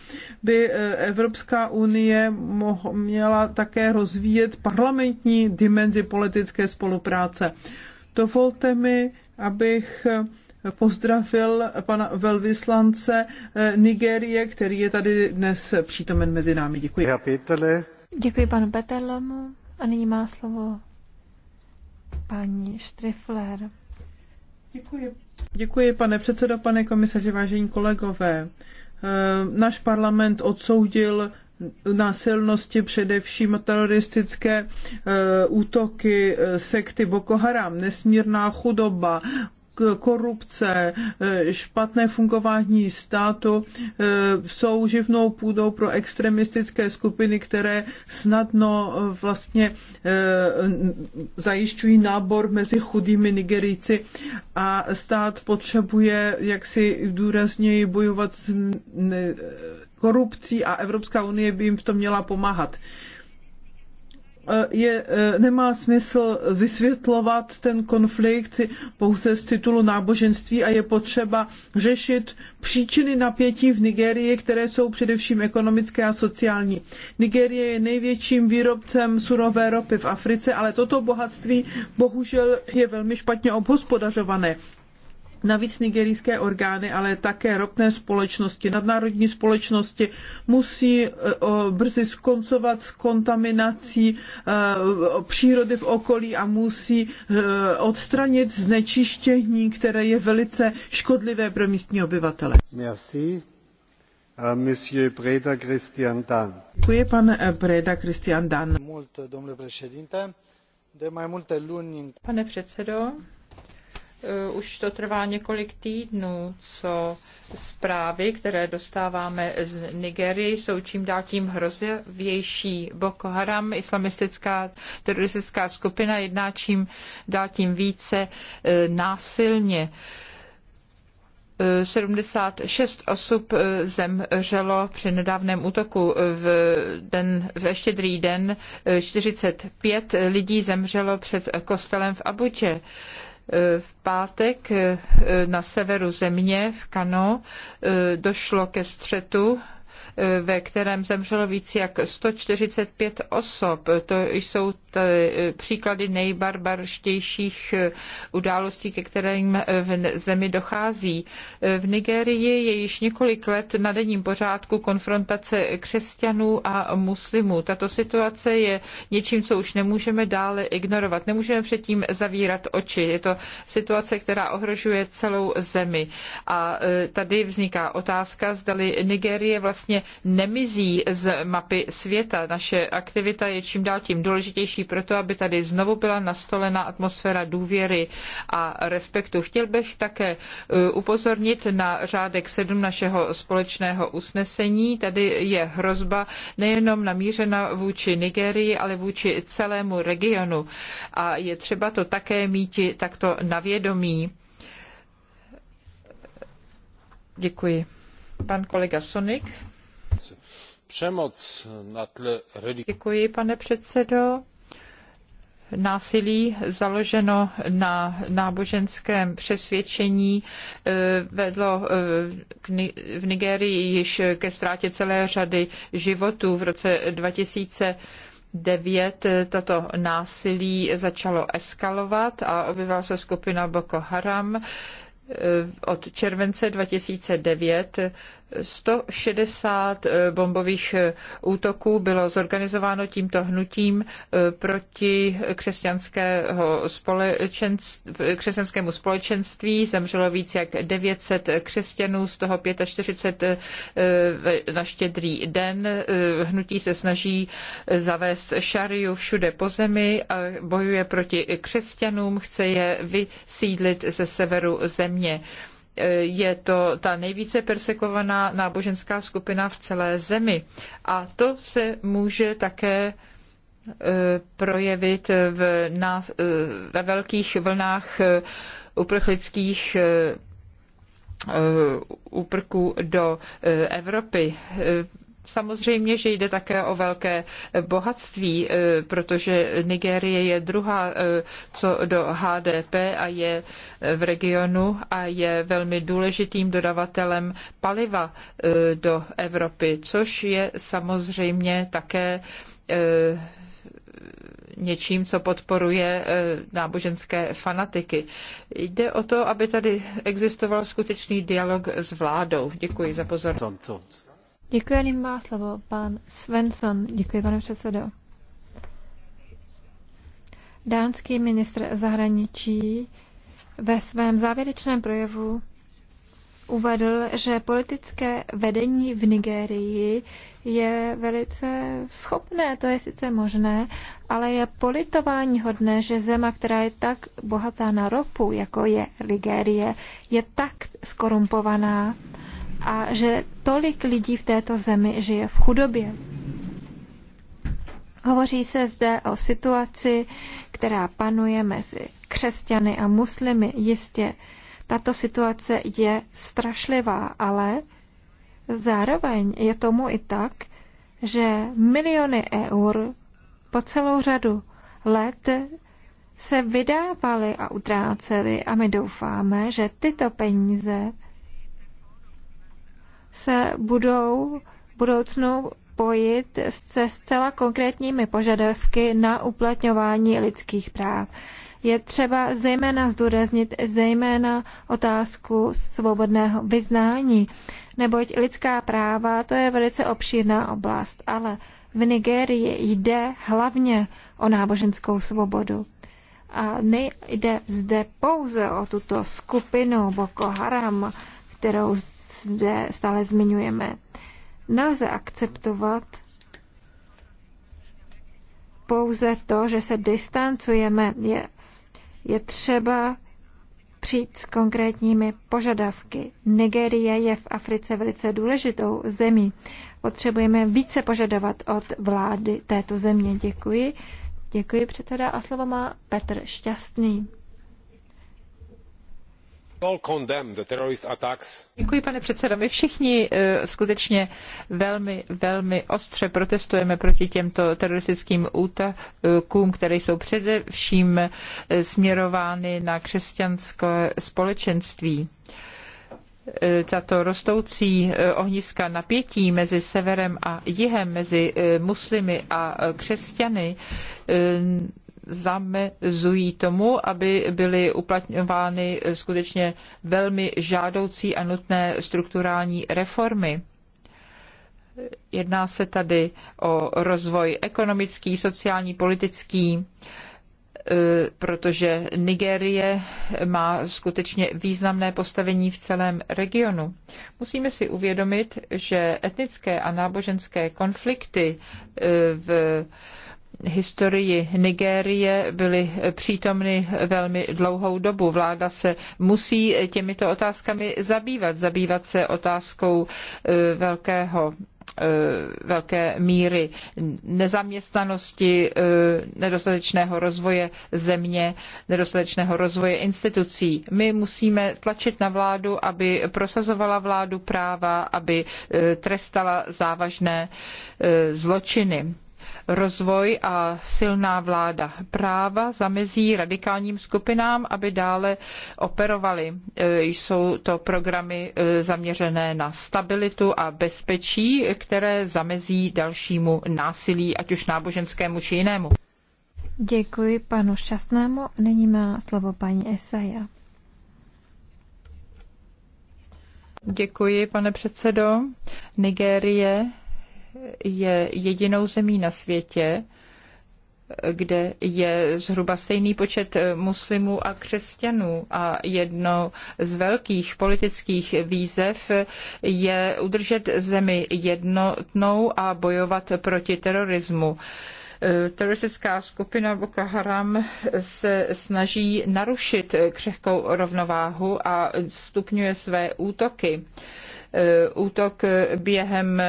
by eh, Evropská unie měla také rozvíjet parlamentní dimenzi politické spolupráce. Dovolte mi, abych pozdravil pana velvyslance eh, Nigérie, který je tady dnes přítomen mezi námi. Děkuji. Děkuji panu Peterlemu a nyní má slovo paní Štrifler. Děkuji. Děkuji, pane předsedo, pane komisaři, vážení kolegové. Eh, náš parlament odsoudil násilnosti, především teroristické eh, útoky sekty Boko Haram, nesmírná chudoba, korupce, e, špatné fungování státu e, jsou živnou půdou pro extremistické skupiny, které snadno e, vlastně zajišťují nábor mezi chudými Nigerijci a stát potřebuje jaksi důrazněji bojovat s korupcí a Evropská unie by jim v tom měla pomáhat. Eh, je, eh, nemá smysl vysvětlovat ten konflikt pouze z titulu náboženství a je potřeba řešit příčiny napětí v Nigérii, které jsou především ekonomické a sociální. Nigérie je největším výrobcem surové ropy v Africe, ale toto bohatství bohužel je velmi špatně obhospodařované. Navíc nigerijské orgány, ale také ropné společnosti, nadnárodní společnosti musí e, brzy skoncovat s kontaminací e, přírody v okolí a musí e, odstranit znečištění, které je velice škodlivé pro místní obyvatele. Merci. Monsieur Christian Dan. Děkuji, Christian Dan. Pane předsedo, Eh, už to trvá několik týdnů, co zprávy, které dostáváme z Nigerie, jsou čím dál tím hrozivější. Boko Haram, islamistická teroristická skupina, jedná čím dál tím více eh, násilně. 76 eh, osob zemřelo při nedávném útoku. V, den, v štědrý den 45 lidí zemřelo před kostelem v Abuče. V pátek eh, na severu země v Kano eh, došlo ke střetu Eh, ve kterém zemřelo víc jak 145 osob. To jsou eh, příklady nejbarbarštějších eh, událostí, ke kterým v zemi dochází. V Nigérii je již několik let na denním pořádku konfrontace křesťanů a muslimů. Tato situace je něčím, co už nemůžeme dále ignorovat. Nemůžeme předtím zavírat oči. Je to situace, která ohrožuje celou zemi. A tady vzniká otázka, zdali Nigérie vlastně nemizí z mapy světa. Naše aktivita je čím dál tím důležitější proto, aby tady znovu byla nastolena atmosféra důvěry a respektu. Chtěl bych také eh, upozornit na řádek 7 našeho společného usnesení. Tady je hrozba nejenom namířena vůči Nigerii, ale vůči celému regionu. A je třeba to také mít takto na vědomí. Děkuji. Pan kolega Sonik. Přemoc na tle religi- Děkuji, pane předsedo. Násilí založeno na náboženském přesvědčení eh, vedlo eh, v Nigérii již ke ztrátě celé řady životů. V roce 2009 9 tato násilí začalo eskalovat a objevila se skupina Boko Haram. Eh, od července 2009 160 eh, bombových eh, útoků bylo zorganizováno tímto hnutím eh, proti společenství, křesťanskému společenství. Zemřelo víc jak 900 křesťanů, z toho 45 na štědrý den. Hnutí se snaží zavést šariu všude po zemi a bojuje proti křesťanům, chce je vysídlit ze severu země Eh, je to ta nejvíce persekovaná náboženská skupina v celé zemi. A to se může také eh, projevit v nás, eh, ve velkých vlnách uprchlických úprků do Evropy. Samozřejmě, že jde také o velké bohatství, eh, protože Nigérie je druhá eh, co do HDP a je eh, v regionu a je velmi důležitým dodavatelem paliva do Evropy, což je samozřejmě také něčím, co podporuje náboženské fanatiky. Jde o to, aby tady existoval skutečný dialog s vládou. Děkuji za pozornost. Děkuji, nyní má slovo pan Svensson. Děkuji, pane předsedo. Dánský ministr zahraničí ve svém závěrečném projevu uvedl, že politické vedení v Nigérii je velice schopné, to je sice možné, ale je politování hodné, že zema, která je tak bohatá na ropu, jako je Nigérie, je tak skorumpovaná, a že tolik lidí v této zemi žije v chudobě. Hovoří se zde o situaci, která panuje mezi křesťany a muslimy. Jistě, tato situace je strašlivá, ale zároveň je tomu i tak, že miliony eur po celou řadu let se vydávaly a utrácely a my doufáme, že tyto peníze se budou budoucnu pojit se zcela konkrétními požadavky na uplatňování lidských práv. Je třeba zejména zdůraznit zejména otázku svobodného vyznání, neboť lidská práva to je velice obšírná oblast, ale v Nigerii jde hlavně o náboženskou svobodu. A nejde zde pouze o tuto skupinu Boko Haram, kterou zde stále zmiňujeme. Nelze akceptovat pouze to, že se distancujeme. Je, je třeba přijít s konkrétními požadavky. Nigérie je v Africe velice důležitou zemí. Potřebujeme více požadovat od vlády této země. Děkuji. Děkuji předseda a slovo má Petr Šťastný. Děkuji, pane předsedo. My všichni eh, skutečně velmi, velmi ostře protestujeme proti těmto teroristickým útokům, které jsou především eh, směrovány na křesťanské společenství eh, tato rostoucí ohniska napětí mezi severem a jihem, mezi muslimy a křesťany, zamezují tomu, aby byly uplatňovány skutečně velmi žádoucí a nutné strukturální reformy. Jedná se tady o rozvoj ekonomický, sociální, politický, e, protože Nigérie má skutečně významné postavení v celém regionu. Musíme si uvědomit, že etnické a náboženské konflikty e, v historii Nigérie byly přítomny velmi dlouhou dobu. Vláda se musí těmito otázkami zabývat, zabývat se otázkou eh, velkého eh, velké míry nezaměstnanosti, eh, nedostatečného rozvoje země, nedostatečného rozvoje institucí. My musíme tlačit na vládu, aby prosazovala vládu práva, aby trestala závažné zločiny rozvoj a silná vláda práva zamezí radikálním skupinám, aby dále operovaly. E, jsou to programy e, zaměřené na stabilitu a bezpečí, které zamezí dalšímu násilí, ať už náboženskému či jinému. Děkuji panu Šťastnému. Nyní má slovo paní Esaja. Děkuji, pane předsedo. Nigérie je jedinou zemí na světě, kde je zhruba stejný počet muslimů a křesťanů. A jedno z velkých politických výzev je udržet zemi jednotnou a bojovat proti terorismu teroristická skupina Boko Haram se snaží narušit křehkou rovnováhu a stupňuje své útoky. Útok během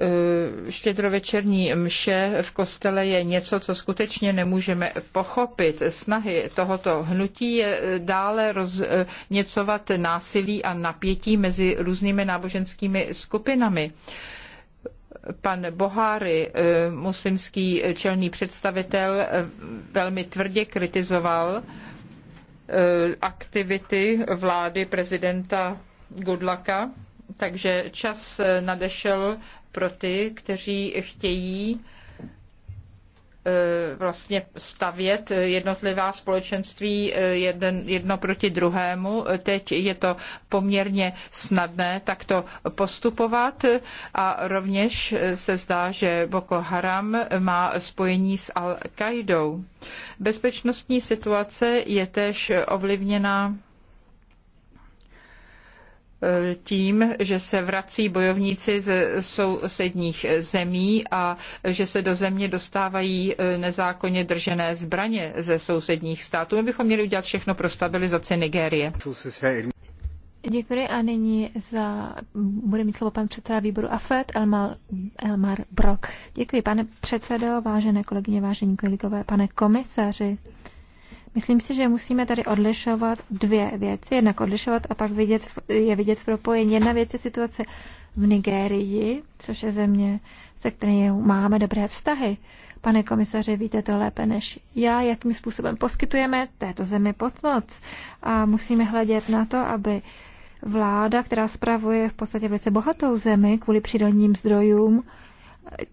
Eh, štědrovečerní mše v kostele je něco, co skutečně nemůžeme pochopit. Snahy tohoto hnutí je eh, dále rozněcovat násilí a napětí mezi různými náboženskými skupinami pan Boháry, eh, muslimský čelný představitel, velmi tvrdě kritizoval aktivity vlády prezidenta Gudlaka, takže čas nadešel pro ty, kteří chtějí eh, vlastně stavět jednotlivá společenství eh, jeden, jedno proti druhému. Teď je to poměrně snadné takto postupovat a rovněž eh, se zdá, že Boko Haram má spojení s Al-Qaidou. Bezpečnostní situace je též ovlivněna tím, že se vrací bojovníci z sousedních zemí a že se do země dostávají e, nezákonně držené zbraně ze sousedních států. My bychom měli udělat všechno pro stabilizaci Nigérie. Děkuji a nyní za, bude mít slovo pan předseda výboru AFED Elmar, Elmar Brok. Děkuji, pane předsedo, vážené kolegyně, vážení kolegové, pane komisaři. Myslím si, že musíme tady odlišovat dvě věci. Jednak odlišovat a pak vidět, je vidět v propojení. Jedna věc je situace v Nigérii, což je země, se kterou máme dobré vztahy. Pane komisaři, víte to lépe než já, jakým způsobem poskytujeme této zemi potnoc. A musíme hledět na to, aby vláda, která spravuje v podstatě velice bohatou zemi kvůli přírodním zdrojům,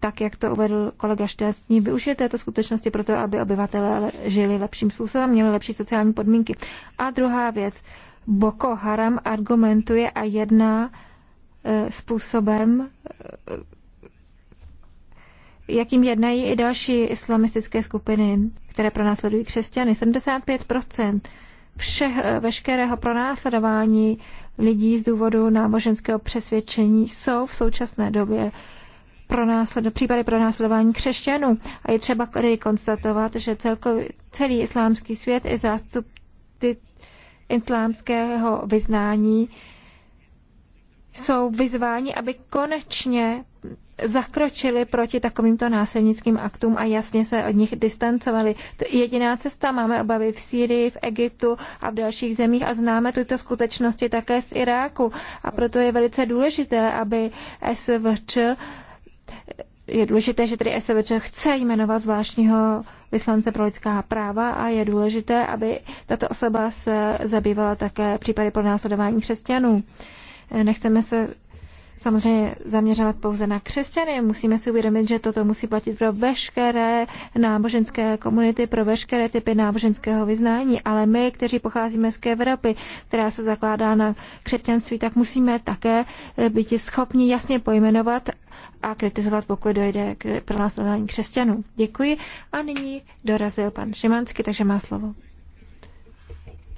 tak jak to uvedl kolega Šťastný, využije této skutečnosti proto, aby obyvatelé žili lepším způsobem, měli lepší sociální podmínky. A druhá věc, Boko Haram argumentuje a jedná e, způsobem, e, jakým jednají i další islamistické skupiny, které pronásledují křesťany. 75 všech, e, veškerého pronásledování lidí z důvodu náboženského přesvědčení jsou v současné době pro násled, případy pro následování křesťanů. A je třeba konstatovat, že celkový, celý islámský svět i zástupci islámského vyznání jsou vyzváni, aby konečně zakročili proti takovýmto násilnickým aktům a jasně se od nich distancovali. Jediná cesta máme obavy v Sýrii, v Egyptu a v dalších zemích a známe tyto skutečnosti také z Iráku. A proto je velice důležité, aby SVČ je důležité, že tedy SVČ chce jmenovat zvláštního vyslance pro lidská práva a je důležité, aby tato osoba se zabývala také případy následování křesťanů. Nechceme se samozřejmě zaměřovat pouze na křesťany. Musíme si uvědomit, že toto musí platit pro veškeré náboženské komunity, pro veškeré typy náboženského vyznání, ale my, kteří pocházíme z Evropy, která se zakládá na křesťanství, tak musíme také eh, být schopni jasně pojmenovat a kritizovat, pokud dojde k pronásledování křesťanů. Děkuji. A nyní dorazil pan Šimanský, takže má slovo.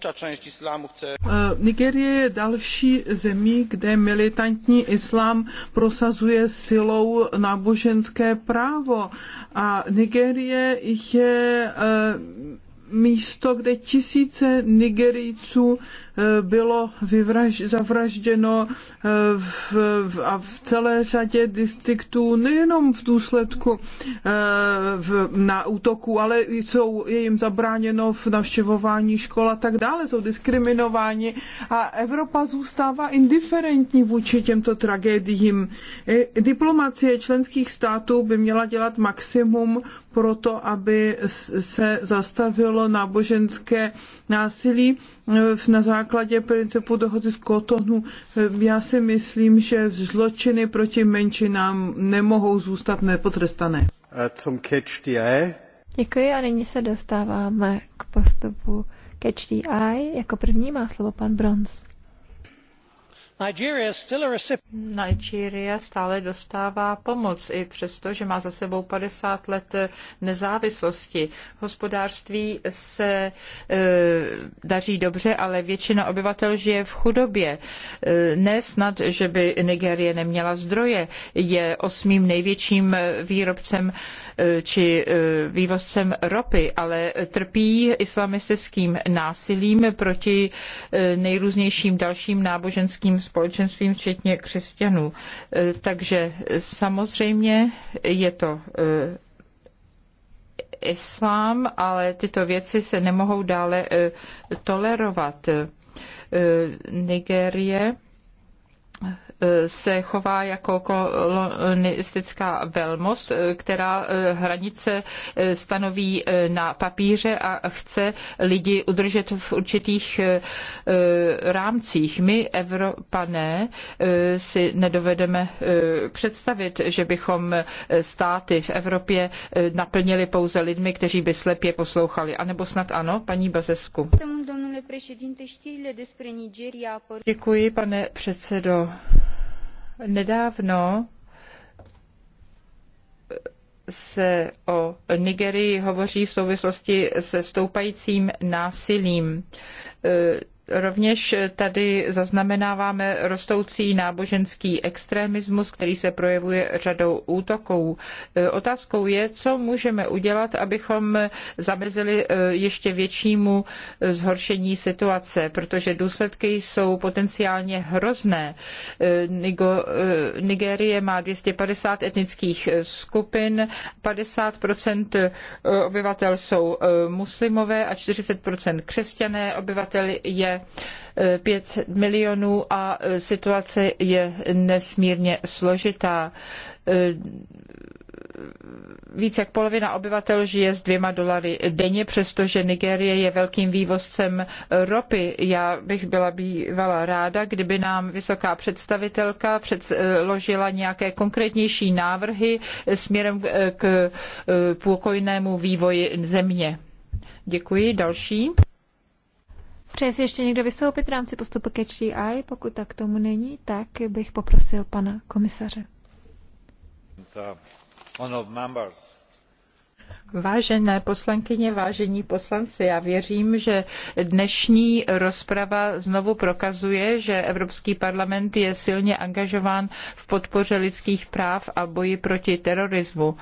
Eh, Nigérie je další zemí, kde militantní islám prosazuje silou náboženské právo. A Nigérie je eh, místo, kde tisíce Nigerijců bylo vyvraž, zavražděno eh, v, v, a v celé řadě distriktů, nejenom v důsledku eh, v, na útoku, ale jsou je jim zabráněno v navštěvování škol a tak dále, jsou diskriminováni a Evropa zůstává indiferentní vůči těmto tragédiím. Eh, diplomacie členských států by měla dělat maximum pro to, aby se zastavilo náboženské násilí na základě principu dohody z Kotonu. Já si myslím, že zločiny proti menšinám nemohou zůstat nepotrestané. Zum catch the eye. Děkuji a nyní se dostáváme k postupu Catch the Eye. Jako první má slovo pan Bronz. Nigeria stále dostává pomoc i přesto, že má za sebou 50 let nezávislosti. Hospodářství se e, daří dobře, ale většina obyvatel žije v chudobě. E, ne snad, že by Nigerie neměla zdroje, je osmým největším výrobcem e, Eh, či eh, vývozcem ropy, ale trpí islamistickým násilím proti eh, nejrůznějším dalším náboženským společenstvím, včetně křesťanů. Takže samozřejmě je to islám, ale tyto věci se nemohou dále tolerovat. Nigérie se chová jako kolonistická velmost, která eh, hranice eh, stanoví eh, na papíře a chce lidi udržet v určitých rámcích. My, Evropané, si nedovedeme představit, že bychom státy v Evropě naplnili pouze lidmi, kteří by slepě poslouchali. A nebo snad ano, paní Bazesku. Děkuji, pane předsedo nedávno se o Nigerii hovoří v souvislosti se stoupajícím násilím. Rovněž tady zaznamenáváme rostoucí náboženský extremismus, který se projevuje řadou útoků. E, otázkou je, co můžeme udělat, abychom zamezili e, ještě většímu e, zhoršení situace, protože důsledky jsou potenciálně hrozné. Nigérie má 250 etnických skupin, 50 obyvatel jsou muslimové a 40 křesťané obyvatel je 5 milionů a situace je nesmírně složitá více jak polovina obyvatel žije s dvěma dolary denně, přestože Nigérie je velkým vývozcem ropy. Já bych byla bývala ráda, kdyby nám vysoká představitelka předložila nějaké konkrétnější návrhy směrem k pokojnému vývoji země. Děkuji. Další. Přeje si ještě někdo vystoupit v rámci postupu ke HDI? Pokud tak tomu není, tak bych poprosil pana komisaře. Vážené poslankyně, vážení poslanci, já věřím, že dnešní rozprava znovu prokazuje, že Evropský parlament je silně angažován v podpoře lidských práv a boji proti terorismu.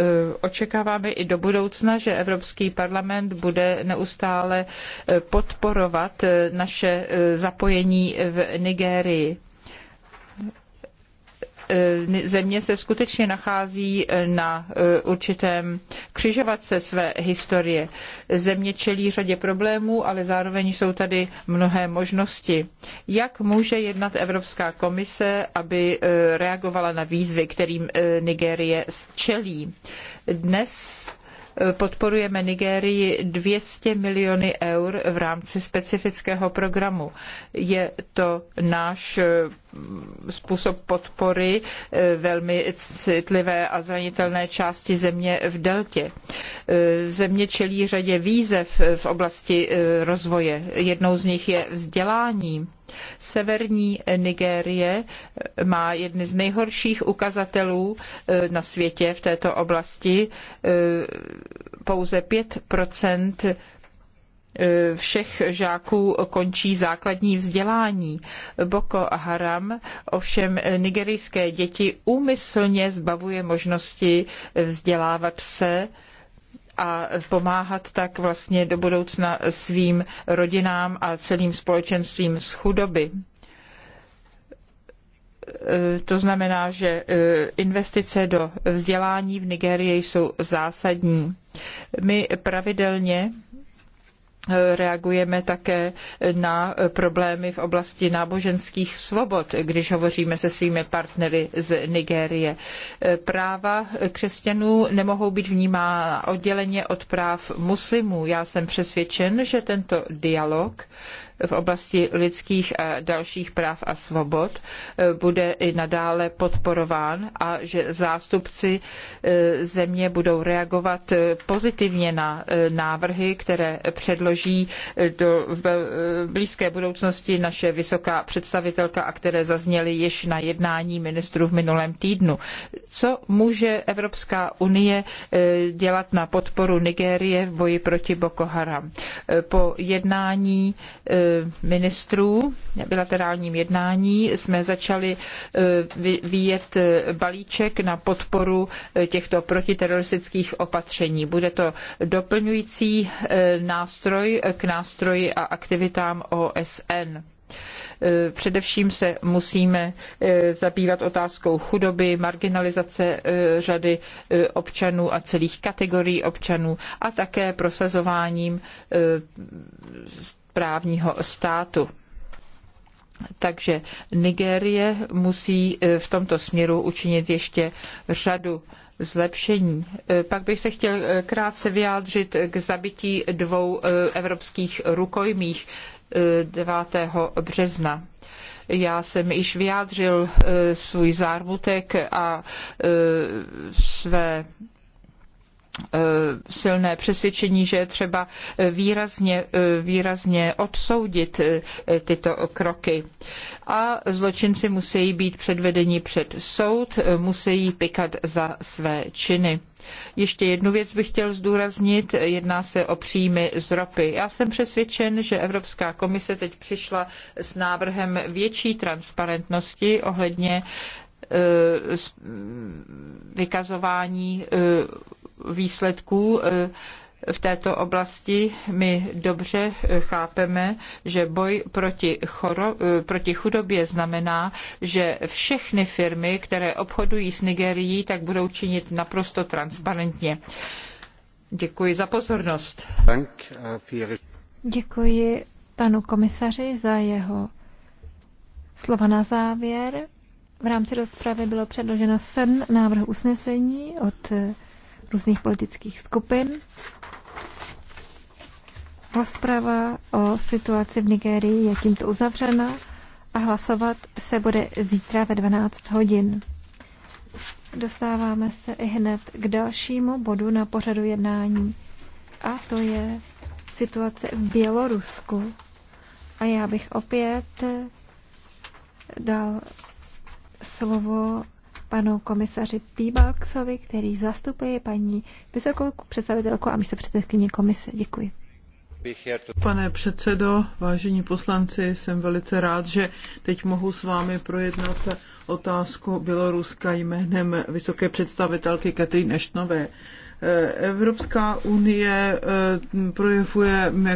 Eh, očekáváme i do budoucna, že Evropský parlament bude neustále eh, podporovat eh, naše zapojení v Nigérii. Eh, země se skutečně nachází eh, na eh, určitém křižovatce své historie. Země čelí řadě problémů, ale zároveň jsou tady mnohé možnosti. Jak může jednat Evropská komise, aby reagovala na výzvy, kterým Nigérie čelí? Dnes podporujeme Nigérii 200 miliony eur v rámci specifického programu. Je to náš způsob podpory eh, velmi citlivé a zranitelné části země v deltě. Eh, země čelí řadě výzev v oblasti eh, rozvoje. Jednou z nich je vzdělání. Severní Nigérie má jedny z nejhorších ukazatelů na světě v této oblasti. Pouze 5 Eh, všech žáků končí základní vzdělání. Boko Haram ovšem nigerijské děti úmyslně zbavuje možnosti vzdělávat se a pomáhat tak vlastně do budoucna svým rodinám a celým společenstvím z chudoby. Eh, to znamená, že eh, investice do vzdělání v Nigérii jsou zásadní. My pravidelně reagujeme také na problémy v oblasti náboženských svobod, když hovoříme se svými partnery z Nigérie. Práva křesťanů nemohou být vnímána odděleně od práv muslimů. Já jsem přesvědčen, že tento dialog v oblasti lidských a dalších práv a svobod e, bude i nadále podporován a že zástupci e, země budou reagovat e, pozitivně na návrhy, které předloží do blízké budoucnosti naše vysoká představitelka a které zazněly již na jednání ministrů v minulém týdnu. Co může Evropská unie dělat na podporu Nigérie v boji proti Boko Haram? Po jednání Eh, ministrů bilaterálním jednání jsme začali eh, vyvíjet eh, balíček na podporu těchto protiteroristických opatření. Bude to doplňující nástroj k nástroji a aktivitám OSN. Především se musíme zabývat otázkou chudoby, marginalizace řady občanů a celých kategorií občanů a také prosazováním právního státu. Takže Nigérie musí e, v tomto směru učinit ještě řadu zlepšení. E, pak bych se chtěl e, krátce vyjádřit k zabití dvou evropských rukojmích 9. března. Já jsem již vyjádřil svůj zármutek a své Eh, silné přesvědčení, že je třeba eh, výrazně, eh, výrazně odsoudit tyto kroky. A zločinci musí být předvedeni před soud, musí pikat za své činy. Ještě jednu věc bych chtěl zdůraznit, jedná se o příjmy z ropy. Já jsem přesvědčen, že Evropská komise teď přišla s návrhem větší transparentnosti ohledně vykazování výsledků eh, v této oblasti my dobře eh, chápeme, že boj proti, choro, eh, proti chudobě znamená, že všechny firmy, které obchodují s Nigerií, tak budou činit naprosto transparentně. Děkuji za pozornost. Děkuji panu komisaři za jeho slova na závěr. V rámci rozpravy bylo předloženo sedm návrhů usnesení od různých politických skupin. Rozprava o situaci v Nigérii je tímto uzavřena a hlasovat se bude zítra ve 12 hodin. Dostáváme se i hned k dalšímu bodu na pořadu jednání. A to je situace v Bělorusku. A já bych opět dal slovo panu komisaři Píbalksovi, který zastupuje paní vysokou představitelku a předsedkyně komise. Děkuji. Pane předsedo, vážení poslanci, jsem velice rád, že teď mohu s vámi projednat otázku Běloruska jménem vysoké představitelky Katrin Eštnové. Evropská unie eh, projevuje jak